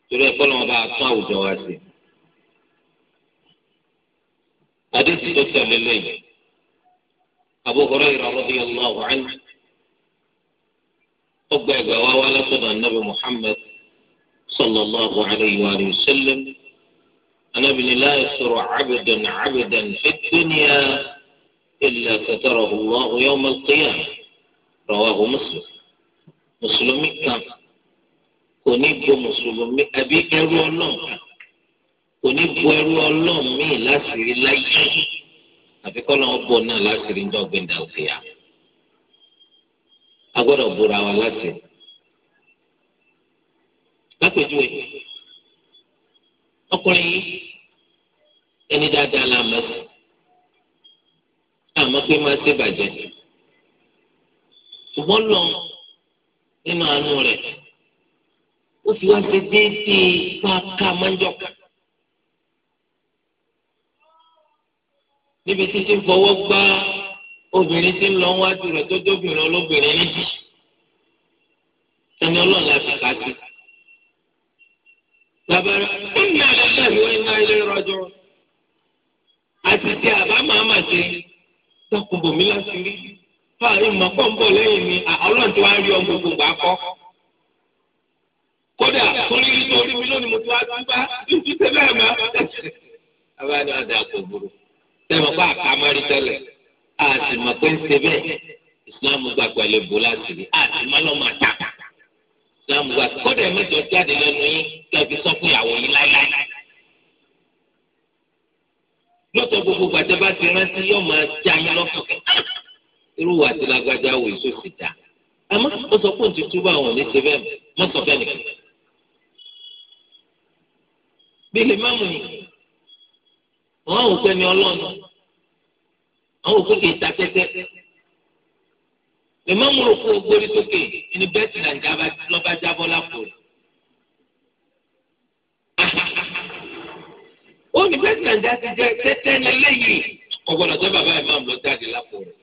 torí ẹ̀ kọ́ lọ́wọ́ bá àwùjọ wa sí. حديث تسأل الليل أبو هريرة رضي الله عنه أبقى ولا النبي محمد صلى الله عليه وآله وسلم anábìnrin láì sọ̀rọ̀ abdan abdan fi dunya illa satarahu Allahu yawm al-qiyamah rawahu Muslim mùsùlùmí kan kò ní bo mùsùlùmí àbí ẹrú ọlọ́run kò ní bo ẹrú ọlọ́run míì láṣìírí láyé àfi kọ́lọ́ ń bọ̀ náà láṣìírí ń dọ́gbìn dàgbìyà a gbọ́dọ̀ bora wa láti. lápèjúwe ọkùnrin yìí ẹni dáadáa la mọ̀ sí àmọ́ pé máa ṣe bàjẹ́ ṣùgbọ́n lọ nínú àánú rẹ̀ ó fi wá ṣe déédéé káàká mọ́jọ́ká. níbi títí ń fọwọ́ gbá obìnrin tí ń lọ wájú rẹ̀ tó dóbìnrin olóbìnrin níbi ẹni ọlọ́run láti kà sí. bàbá rẹ̀ ń yàrá ìwé iná ilé rọjò àti tí àbá máa mà ṣe dọ́kun bòmí láti rí fáàrin mọ̀kọ́ ń bọ̀ lẹ́yìn mi ọlọ́run tí wàá rí ọ gbogbo gbà kọ́. kódà torí rí torí mi lónìí mo ti wá tún bá títí tẹ́lẹ̀ mọ́. abájọ àdá kò burú tẹ́wọ̀n bá àkámọ́rí tẹ́lẹ̀ a sì mọ̀ pé ń ṣe bẹ́ẹ̀ Islam gbà pẹ̀lú ìbò láti rí a sì má gbogbo gbàtẹ́ bá ti rántí yóò máa já yín lọ́kàn ah, irú wa ti lágbájá wò èso sì dá àmọ́ ó sọ pé òun ti túbọ̀ ní ṣe bẹ́ẹ̀ mọ́tò bẹ́ẹ̀ nìkan. bí lè má mú ni àwọn òkè ni ọlọ́run àwọn òkè kì í ta tẹ́tẹ́ lè má mú òkú ogbórí sókè ẹni bẹ́ẹ̀ sì là ń jábọ́ lápò rẹ̀. ó ní bẹ́ẹ̀ nàìjíríà ti jẹ tẹ́tẹ́ ní lẹ́yìn ọgbọ́dọ̀ tó bàbá imam lọ jáde lápò rẹ̀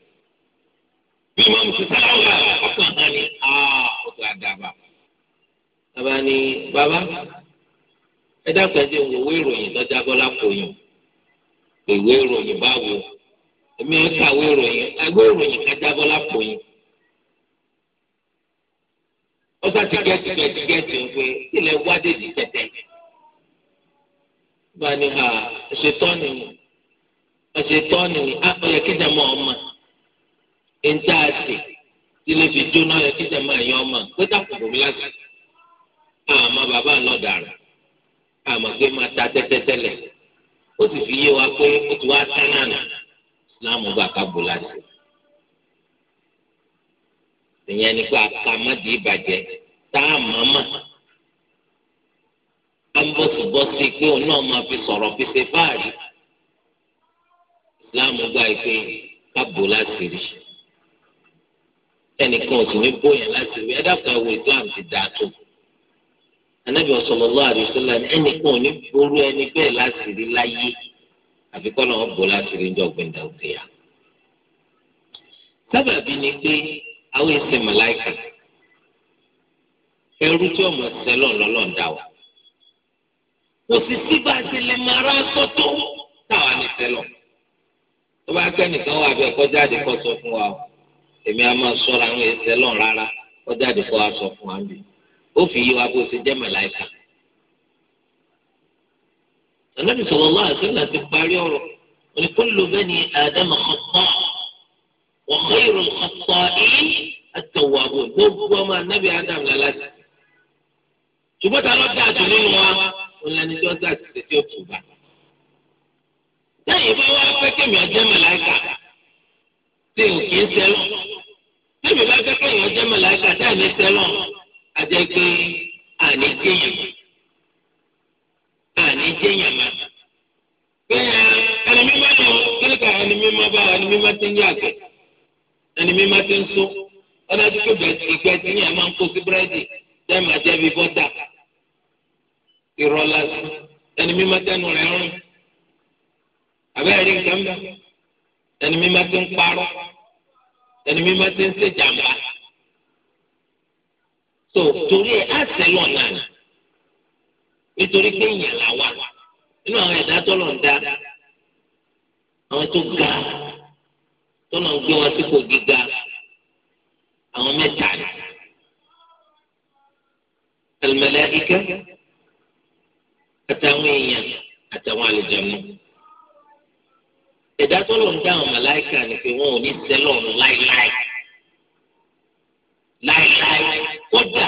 bí imam ti sáláwà ọkàn hàn ní ọ̀tọ̀ àdàbà. bàbá ni bàbá ẹ dákun ẹ jẹ́ òun ìwé ìròyìn lọ́jà bọ́lá kò yàn ìwé ìròyìn báwo èmi ń kàwé ìròyìn ìwé ìròyìn kájà bọ́lá kò yàn ó ti gẹ́tì gẹ́tì gẹ́tì ń pé ilẹ̀ wádìí di tẹ̀tẹ̀ yìí bá ní ha ṣetọ́ni ni ṣetọ́ni ni a ó yẹ kí jama ọmọ ẹ̀ńtà àti tílé fi jóná yẹ kí jama yẹn ọmọ pé dàpọ̀ bòmí láti àmọ́ bàbá ńlọ́dàrà àmọ́ pé máa ta tẹ́tẹ́tẹ́lẹ̀ ó sì fi yé wa pé ó ti wá sánánà láàmú bá ká bò láti. ìyẹn ni pé àkàmọ́dì tá a mọ̀ mọ̀ bọ́ sí pé òun náà máa fi sọ̀rọ̀ fi ṣe fáàrí láàmú gba ìpè kábò láti rí ẹnìkan ò sì ní bóyá láti rí ẹdáàkọ̀ ẹ̀wọ̀ islam ti dà tó anabi sallallahu alaihi wasallam ẹnìkan ò ní ború ẹni bẹ́ẹ̀ láti rí láyé àfikọ́ náà bò láti rí níjọ́ gbẹ̀ndà òkè yá sábàbí ni pé àwọn èsì màláìkà ẹrú tí ọmọ sẹlọ lọlọ ń dà wá kò sì sí bá a ṣe lè máa ra sọ tó táwa ní sẹlọ tó bá kẹ́ nìkan wà bẹ́ẹ̀ kọjá àdìkọ́ sọ fún wa o èmi a máa sọ̀rọ̀ àwọn èyí sẹlọ rárá kọjá àdìkọ́ wa sọ fún wa bí ó fi yí wa bó ṣe jẹ́ màláìka. Ànábì sallallahu alaihi wasallam ti parí ọ̀rọ̀ ní kullu bani Adama khata wa khayrul khata'in at-tawwabun gbogbo ọmọ Ànábì Adam lálẹ́ ṣùgbọ́n ọlọni tí wọn gbà tètè tí ó tù bá lẹ́yìn bá wá pé kémi ọjọ mọláìkà tí ò kì í sẹlọ tẹmí bá pé kémi ọjọ mọláìkà tí àní sẹlọ àjẹ pé àní jẹyàn àní jẹyàn má pé ẹni mímọ́ náà kíni ká ẹni mímọ́ bá ẹni mímọ́ ti ń yàgbẹ́ ẹni mímọ́ ti ń sún ọlọ́dún tó gbẹ ìgbẹ́ ti yàn máa ń kó sí búrẹ́dì jẹ́ màá jẹ́ bí bọ́tà irọ́ lásán ẹni mímá tẹnu rẹ̀ rún abẹ́rẹ́ rí nǹkan bá ẹni mímá ti ń parọ́ ẹni mímá ti ń ṣèjàmbá tó torí ẹ àtẹlọ náà nítorí pé ìyàn làwà nínú àwọn ẹ̀dá tọ́lọ̀ ń dá àwọn tó ga tọ́lọ̀ ń gbé wọn sípò gíga àwọn mẹ́ta al-malā'ika àtàwọn èèyàn àtàwọn àlejàmú. ẹ̀dá tó lọ ń dá àwọn màláìkà ni pé wọn ò ní sẹ́lọ̀ ọ̀run láéláé láéláé kódà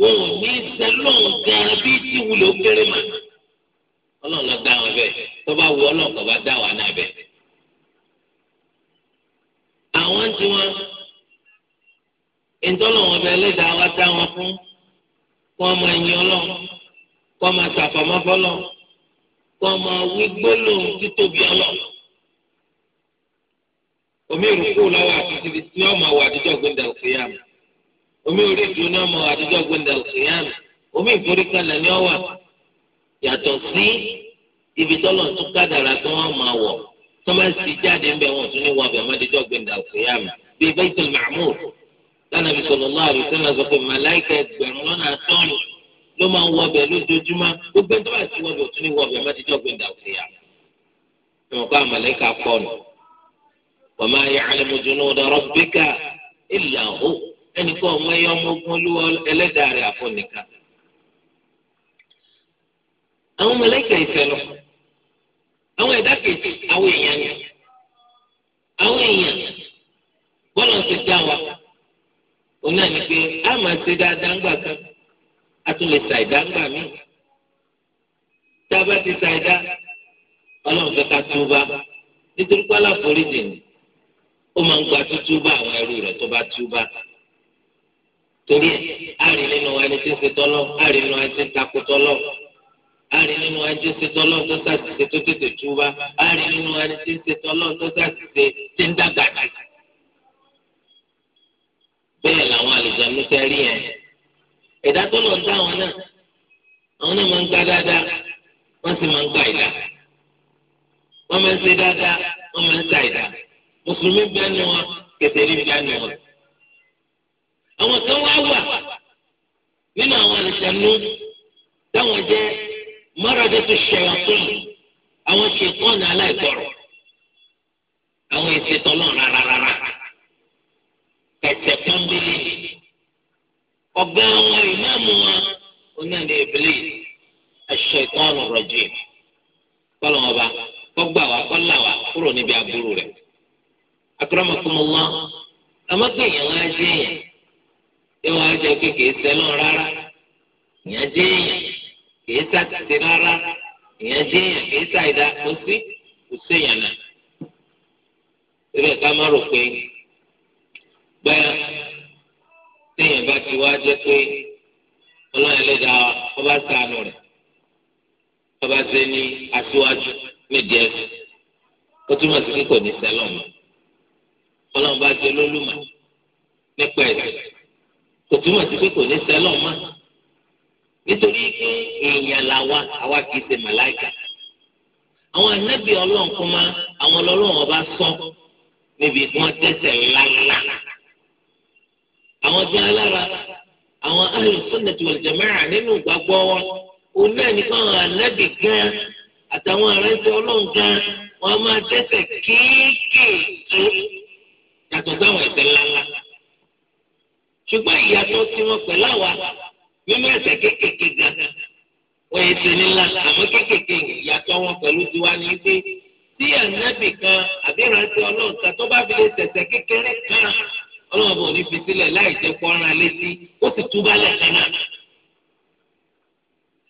wọn ò ní sẹ́lọ̀ ọ̀run gan-an bíi tí wúlò kéré mà. ọlọ́run lọ dá wọn bẹ́ẹ̀ tó bá wù ọlọ́run kò bá dá wà náà bẹ́ẹ̀. àwọn tí wọn ìtọ́lọ̀ wọn bẹ́ẹ̀ lẹ́dàá wá dá wọn fún wọn máa yin ọlọ́run kọ́ máa ṣàfọ̀mọ́ fọlọ́ kọ́ máa wí gbólóhùn títóbi ọlọ́ omi ìrùkú lọ́wọ́ àti ní ọmọ wà àdúgbò gbẹ̀ndẹ̀ òkèèyàn omi orí ìdúró ní ọmọ àdúgbò gbẹ̀ndẹ̀ òkèèyàn omi ìforíkalẹ̀ ní ọwà yàtọ̀ sí ibi tọ́lọ̀ tó kádàrà tí wọ́n máa wọ̀ tó máa sì jáde ń bẹ̀ wọ́n tún ní wọ́n bẹ̀ mọ́dídọ́ gbẹ̀ndà òkèèyàn bíi Baitul Ma'mur lánàá bí sallallahu alaihi wasallam sọ pé màláìkà ẹgbẹ̀rún lọ́nà àtọ́rin ló máa ń wọbẹ̀ lójoojúmọ́ gbogbo ẹni tó bá ti wọbẹ̀ òtún ní wọbẹ̀ má ti jọ́ gbẹ̀dà òkèèyà ìwọ̀nba àmàlẹ́kà pọ̀ nù wọ́n máa yẹ alẹ́mọ̀dúnú ọ̀dọ́rọ̀ bíkà ìlà ó ẹnì kan ọmọ ẹyọ ọmọ ogun olúwa ẹlẹ́dàá rẹ̀ àfọ nìkan. àwọn màlẹ́kà ìfẹ́ lọ àwọn ẹ̀dá kejì àwọn èèyàn ni àwọn èèyàn bọ́lá ti dá wa òun náà ní pé a máa ṣe dáadáa ńgbà tún lè ṣàìdá ńgbà mí tá a bá ti ṣàìdá ọlọ́run fẹ́ ká túbá nítorí pálá foríjì ni ó máa ń gba túbá àwọn ẹrú rẹ̀ tó bá túbá torí ẹ̀ àrí nínú ẹni tí ń ṣe tọ́lọ́ àrí nínú ẹni tí ń takò tọ́lọ́ àrí nínú ẹni tí ń ṣe tọ́lọ́ tó ṣàtìṣe tó tètè túbá àrí nínú ẹni tí ń ṣe tọ́lọ́ tó ṣàtìṣe tí ń dàgbà jù bẹ́ẹ̀ làwọn àlejò ẹnu tẹ́ rí yẹn ẹ̀dá tó lọ ń dá wọn náà àwọn náà máa ń gba dáadáa wọ́n sì máa ń gba ìdá wọ́n máa ń ṣe dáadáa wọ́n máa ń ta ìdá mùsùlùmí bẹ́ẹ̀ ni wọn kẹsẹ̀ rí bẹ́ẹ̀ ni wọn. àwọn kan wá wà nínú àwọn àlùsànú táwọn jẹ́ mọ́ràdẹ́tù ṣẹ̀wàkùn àwọn ṣèkọ́ọ̀nù aláìgbọ̀rọ̀ àwọn ìṣètò ọlọ́run rárá. ọ̀gá wọn ìmáàmù wọn onáni Iblis ash-shaytanu rajim kọ́lọ̀ wọn bá kọ́gbà wá kọ́là wá kúrò níbi aburú rẹ̀ akramakumullah amákẹ́yìn wọn á ṣe tí wọn á rárá ìyẹn kìí rárá ìyẹn kìí sí náà. má rò pé téèyàn bá ti wá jẹ́ pé ọlọ́run ẹlẹ́dàá ọba sànù rẹ̀ ọba ṣe ní aṣíwájú nídìí ẹ̀sìn ó túmọ̀ sí kíkọ̀ ní sẹ́lọ̀mù ọlọ́run bá jẹ́ lólùmọ̀ nípa ẹ̀sìn kò túmọ̀ sí kíkọ̀ ní sẹ́lọ̀mù nítorí pé èèyàn làwa àwa kìí ṣe màláìkà àwọn ànábì ọlọ́run kún àwọn ọlọ́run ọba sọ níbi tí tẹ̀sẹ̀ ńláńlá àwọn gan alára àwọn ahlu sunnati wal jama'a nínú ìgbàgbọ́ wọn òun náà ní káwọn ànábì gan àtàwọn aráńtẹ ọlọ́run gan wọn a máa dẹ́ṣẹ̀ kéékèèké yàtọ̀ sáwọn ẹ̀ṣẹ̀ ńláńlá ṣùgbọ́n ìyàtọ̀ tí wọ́n pẹ̀lú àwa nínú ẹ̀ṣẹ̀ kéékèèké gan wọ́n yẹ ti nílá àmọ́ kéékèèké ìyàtọ̀ wọn pẹ̀lú tiwa ní pé tí ànábì kan àbí aráńtẹ ọlọ́run kan tó bá fi lè kékeré kan ọlọ́run bò ní fi sílẹ̀ láì jẹ́ kọ́ran létí ó sì túbá lẹ́ẹ̀kan náà.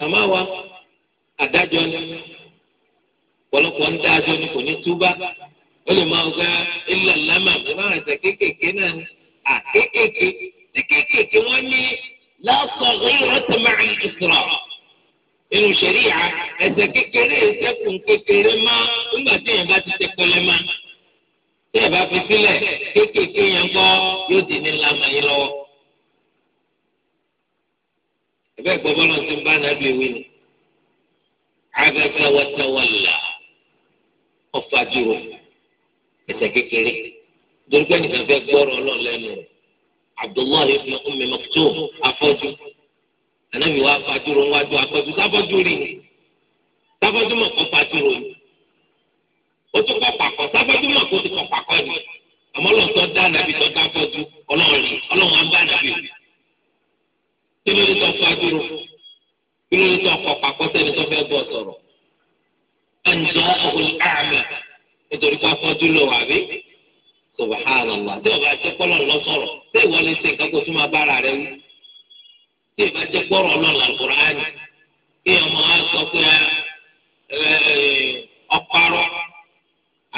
àmọ́ wa adájọ́ ni pọ̀lọpọ̀ ń dájọ́ ni kò ní túbá ó lè máa gba ilẹ̀ lámà ìbára ẹ̀sẹ̀ kéékèèké náà ni àkéékèèké tí kéékèèké wọ́n ní lásán ìrọ̀tẹ̀ máa ń ìsọ̀rọ̀ nínú sẹ̀ríyà ẹ̀sẹ̀ kékeré ẹ̀sẹ̀ kékeré máa ń gbà bá ti tẹ̀ pẹ́lẹ́ máa. tí ẹ bá fi sílẹ̀ kéékèèké yẹn kọ́ yóò di ní lamọ yín lọ́wọ́. ẹ̀bẹ̀ gbọ́ ti ń bá nàbí ewé ni. abẹ́fẹ́ wọ́tẹ́wọ́lá ọ̀fàdúró ẹ̀sẹ̀ kékeré dorúkọ nìkan fẹ́ gbọ́rọ̀ ọlọ́ọ̀ lẹ́nu Abdullahi ibn Ummi Maktum afọ́jú wájú afọ́jú sábọ́jú rí ni sábọ́jú mọ̀ kọ́ fàdúró ni. ó tún kọ pàkọ sábẹ́jú mọ̀ kó ti kọ pàkọ ni àmọ́ lọ́n tó dá nàbí tó dá fọ́jú ọlọ́run rí ọlọ́run á bá nàbí rí kí ló dé tó fọ́ adúró kí ló dé tó kọ pàkọ sẹ́ni tó fẹ́ bọ̀ sọ̀rọ̀ ẹnjọ́ ọ̀hún àmì nítorí ká fọ́jú lọ wà bí subhanallah tí o bá jẹ́ kọ́lọ́ lọ sọ̀rọ̀ tí ìwọ lè ṣe nǹkan kó tún máa bára rẹ wí tí ìbá jẹ́ kọ́rọ̀ ọlọ́run àlùkò rẹ̀ kí ọmọ wa sọ pé ah, ẹ ẹ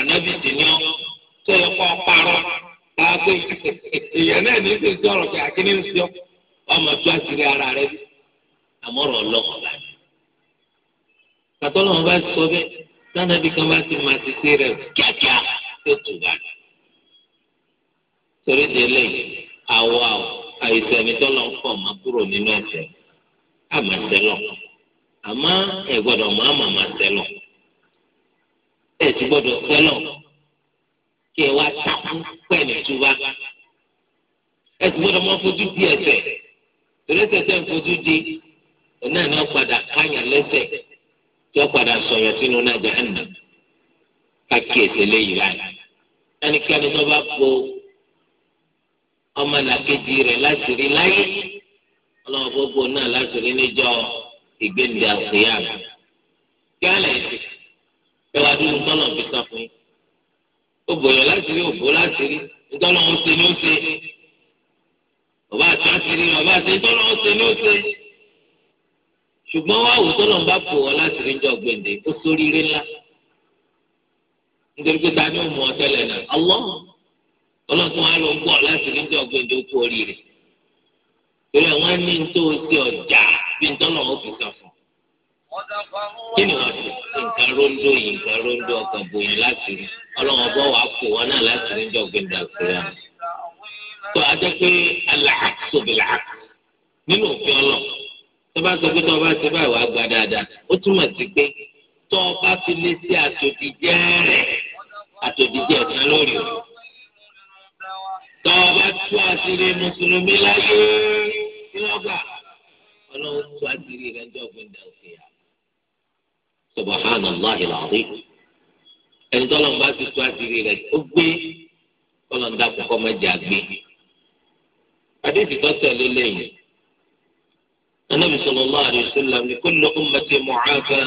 ànábì sì ni ọ́ tó yẹ kó parọ́ láàgbé èèyàn náà ní ìsèǹtì ọ̀rọ̀ pé àkíní ń sọ ọmọ tó àṣírí ara rẹ bí àmọ́rọ̀ ọlọ́kọ̀ bá ní. kàtọ́lọ́ wọn bá sọ bẹ́ẹ̀ sànàbí kan bá ti máa ti ṣe rẹ̀ kíákíá tó tù bá ní. torí délé àwọ̀ àwọ̀ àìsàn ìtọ́lọ̀ ń pọ̀ máa kúrò nínú ẹ̀ṣẹ̀ àmàṣẹ́lọ̀ àmọ́ ẹ̀ gbọ́dọ̀ máa màmá ṣẹlọ̀ ètò gbọdọ pẹlọ kí ẹ wá takú pẹ̀lú ìtura ẹtù gbọ́dọ̀ máa fojú di ẹ̀ṣẹ̀ torí ẹ̀ṣẹ̀ tẹ fojú di ọ̀nà padà tí ó padà sọ̀rọ̀ sínú náà jẹ́ ẹ̀nà kákìyèsí léyìí láì ẹnikẹ́ni tó bá po ọmọlàkejì rẹ̀ láṣìírí láyé gbogbo náà ìgbéǹde kí á lè ṣe. ẹwà dúró tọ́nà fi kàn fún yín ó bòyàn láti rí òbó láti rí ntọ́nà ó ṣe ni ó ṣe ọba àti láti rí ọba àti ntọ́nà ó ṣe ni ó ṣe ṣùgbọ́n wá òwò tọ́nà bá pò ọ láti rí njọ gbèǹde ó sórí ire ńlá nítorí pé ta ni ó mú náà ọwọ́ ọlọ́tún wa ló ń láti rí njọ gbèǹde ó kú oríire torí àwọn ẹni tó ṣe ọjà bí ntọ́nà ó fi kàn fún kí ni wọn ṣe nǹkan rondo yìí nǹkan rondo ọkàn bòyìn láti rí ọlọ́wọ́n bọ́ wàá kó wọn náà láti rí jọ gbẹ̀dà kúrẹ́à. tó a jẹ́ pé aláàkóso bìlà nínú òfin ọlọ́ tó bá sọ pé tó bá ṣe báyìí wàá gba dáadáa ó túmọ̀ sí pé tó bá fi lé sí àtòdìjẹ́ rẹ̀ àtòdìjẹ́ ẹ̀sán lórí o. tó bá tú àṣírí mùsùlùmí láyé kí wọ́n gbà àṣírí rẹ̀ jọ gbẹ̀dà kúrẹ́à subhanallahi alazim ẹni tọ́lọ́ bá ti tó àṣírí rẹ̀ ó gbé tọ́lọ́ ń dàpọ̀ kọ́ mẹ́jà gbé adéjì tó tẹ̀lé lẹ́yìn anabi sallallahu alayhi wa sallam ní kullu ummati mu'afa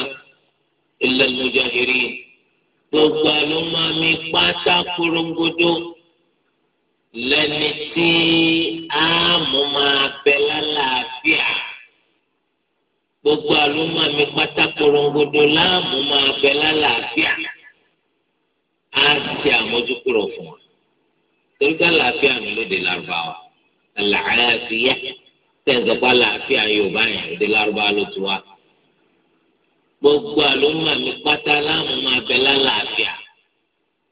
illa al-mujahirin gbogbo ló pátá korongodo lẹ́ni tí àmú máa bẹ lálàáfíà gbogbo àlùmọ́ mi pátá korongodo láàmú máa bẹ lálàáfíà á ti àmójúkúrò fún wa torí ká làáfíà mi lóde lárúbáwá làáfíà tẹ̀sán pa làáfíà yorùbá yẹn lóde lárúbáwá ló ti wá gbogbo àlùmọ́ mi pátá láàmú máa bẹ lálàáfíà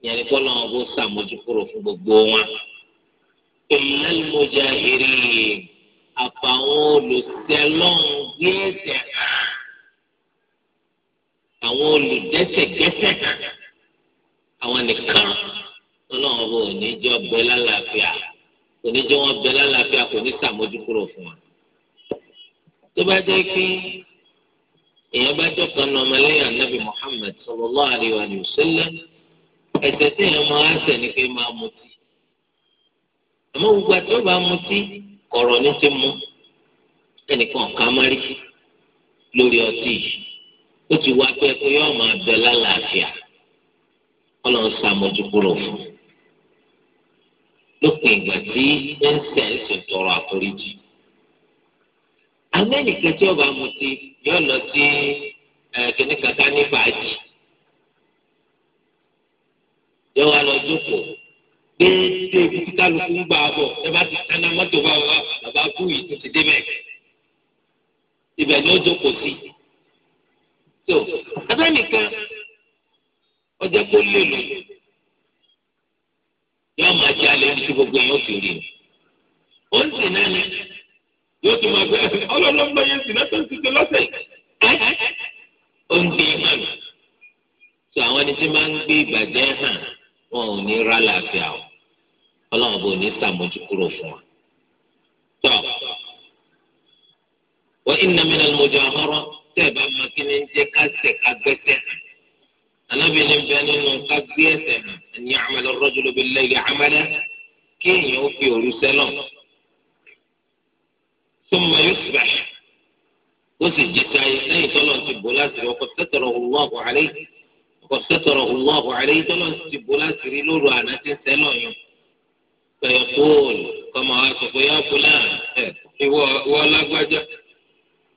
yẹn ni kọ́lọ́ wọn kó sàmójúkúrò fún gbogbo wọn ìlànà ìmọ̀jà ìrìn àfàwọn olùsẹ́lọ́hún gbé ẹsẹ̀ hàn àwọn olùdẹ́sẹ̀gẹ́sẹ̀ hàn àwọn nìkan ọlọ́run ọba oníjọ́ bẹ lálàáfíà oníjọ́ wọn bẹ lálàáfíà kò ní sàmójúkúrò fún wa tó bá jẹ́ pé èèyàn bá jọ́kan ní ọmọlẹ́yìn anabi Muhammad sallallahu alaihi wa sallam ẹ̀ṣẹ̀ tí èèyàn máa ń ṣẹ̀ ni pé máa mutí àmọ́ gbogbo àti ọba mutí kọ̀rọ̀ ní ti mú ẹnìkan ọ̀ka mọ́rí lórí ọtí yìí ó ti wá pé pé yóò máa bẹ lálàáfíà ọlọ́run ṣàmójúkúrò fún un lópin ìgbà tí ń sẹ̀ ń sùn tọrọ àforíjì. amẹ́nìkan tí ọba mutí yóò lọ sí kìnnì kàkà ní fàájì yóò wá lọ jókòó déédéé ibi kálukú ń gbà bọ̀ ẹ bá ti tẹ́ná mọ́tò bá wa bàbá kú yìí tó ti débẹ̀ ibẹ̀ ni ó jókòó sí. tó abẹ́nìkan ọjọ́ kó lè lò yóò máa jẹ́ alẹ́ ní gbogbo yẹn ó fi rí i. ó ń sìn náà ni yóò tún máa gbé ọlọ́lọ́gbọ́n yẹn sìn náà tó ń ti ṣe lọ́sẹ̀ ó ń gbé hàn mí. tó àwọn ẹni tí máa ń gbé ìbàjẹ́ hàn wọn ò ní rálàáfíà o ọlọ́run bò ní sàmójú kúrò fún wa. tọ́ wọ́n iná mi lẹ́nu mọ́jọ ahọ́rọ́ tẹ́ ẹ bá máa kí ni ń jẹ́ kásẹ̀ kágbẹ́sẹ̀ anábì ní bẹ́ẹ̀ nínú kágbé ẹsẹ̀ ẹ̀yìn àmàlẹ́ rọ́jòló bí lẹ́yìn àmàlẹ́ kí èèyàn ó fi òru sẹ́lọ̀ tó mọ yóò sì bẹ̀ ó sì jẹ táyé lẹ́yìn tọ́lọ̀ ti bò láti rí ọkọ̀ sẹ́tọ̀rọ̀ Allahu alayhi ọkọ̀ sẹ́tọ̀rọ̀ Allahu alayhi tọ́lọ̀ ti bò láti rí lóru àná ti sẹ́lọ̀ yẹn fẹ̀yọ̀ kóòlù kọ́mọ wa yá fúlàn ẹ̀ ìwọ lágbájá.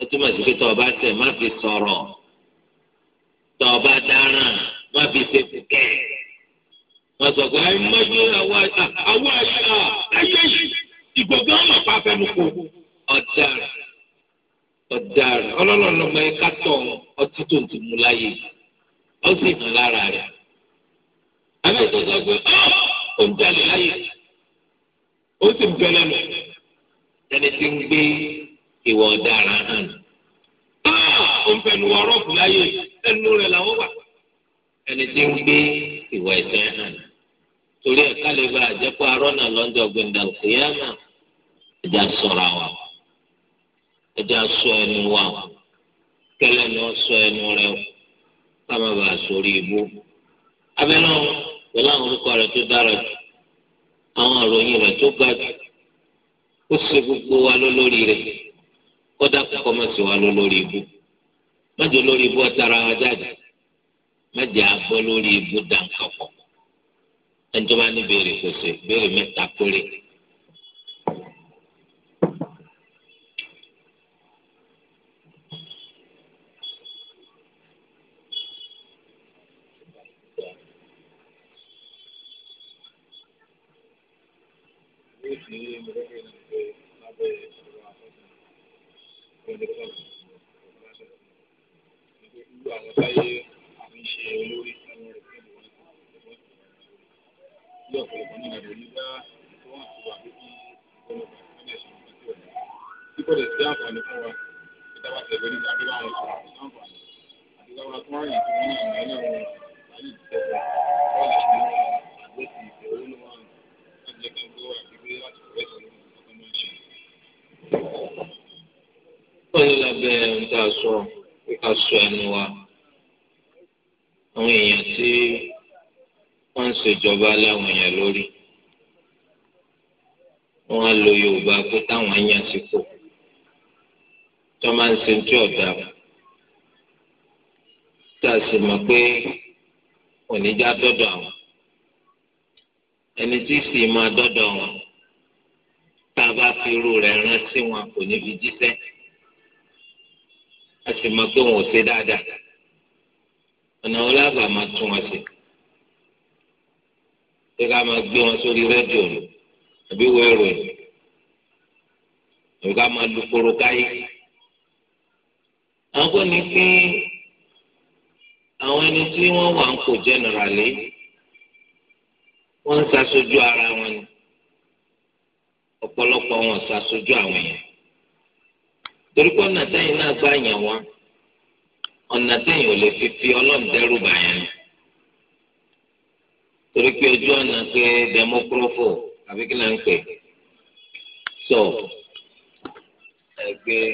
ó túmọ̀ sí pé tọ́ọ̀bá tẹ̀ má fi sọ̀rọ̀ tọ́ọ̀bá dáràn má fi ṣe fùkẹ́ wọ́n sọ pé ayé mọ́jú àwọn àyà ayé ìgbọ̀ngàn ọmọ pa fẹnukò ọ̀daràn ọ̀daràn ọlọ́run lọ́mọ ẹ̀ka tọ̀ ọtí tó ń ti mú láyé ó sì hàn lára rẹ̀ abẹ́ tó sọ pé ó ń jalè láyé ó sì ń bẹ́lẹ̀ lọ ẹni tí ń gbé. ìwọ ọ̀daràn hàn ah! ó ń fẹnu ọ̀rọ̀ fún láyé ẹnu rẹ̀ làwọn wà ẹni tí ń gbé ìwà ẹ̀ṣẹ̀ hàn torí ẹ̀ ká lè bá àjẹpọ̀ arọ́nà lọ́jọ́ gbẹ̀ndà òkèèyàmà ẹ̀já sọ̀rọ̀ àwọn ẹ̀já sọ ẹnu wa kẹlẹ́ ni wọ́n sọ ẹnu sórí ibú abẹ́nú pẹ̀lú àwọn orúkọ tó dára jù àwọn àròyìn tó ga jù ó gbogbo wa lólórí kódà kọ́ má sì wá lọ lórí ibú má jẹ́ lórí ibú ọ̀tara wa jáde má jẹ́ abọ́ lórí ibú dànkà pọ̀ ẹni ní béèrè kò sí béèrè péré. kó lè sí àǹfààní fún wa ìjọba tẹ̀lé ní abẹ́rẹ́ àwọn ọ̀sán àti àǹfààní àti ìjọba tó wáyé tó wọ́n náà ní ọ̀nà ayé ìjọba wọ́n lè àgbẹ̀ sí ìfẹ́ owó ní láti jẹ́ kí n gbọ́ láti fẹ́ sí ọkọ̀ máa ṣe. wọ́n lábẹ́ ń tà sọ pé ká sọ ẹnu wa àwọn èèyàn tí wọ́n ń ṣèjọba láwọn èèyàn lórí wọ́n á lo Yorùbá pé táwọn yàn sípò. Si tó máa ń ṣe ojú ọ̀dà tá a sì mọ̀ pé oníjà dọ́dọ̀ àwọn ẹni tí sì máa dọ́dọ̀ wọn tá a bá fi irú rẹ̀ rán sí wọn kò ní fi jíṣẹ́ a sì mọ̀ pé wọn ò ṣe dáadáa ọ̀nà ọlọ́àbà máa tún wọn ṣe ṣé ká máa gbé wọn sórí rédíò àbí wẹ́ẹ̀rọ̀ àbí ká máa lu koro káyé àwọn kò ní pé àwọn ẹni tí wọ́n wà ń kó jẹ́nẹ̀rálì wọ́n ń ṣàṣojú ara wọn ni ọ̀pọ̀lọpọ̀ wọn ṣàṣojú àwọn èèyàn torí pé ọ̀nà tẹ́yìn náà gbá yàn wọn ọ̀nà tẹ́yìn ò lè fi fi ọlọ́run dẹ́rù bà yẹn ni torí pé ojú ọ̀nà pé democrofo àbí kí náà ń pè so ẹgbẹ́.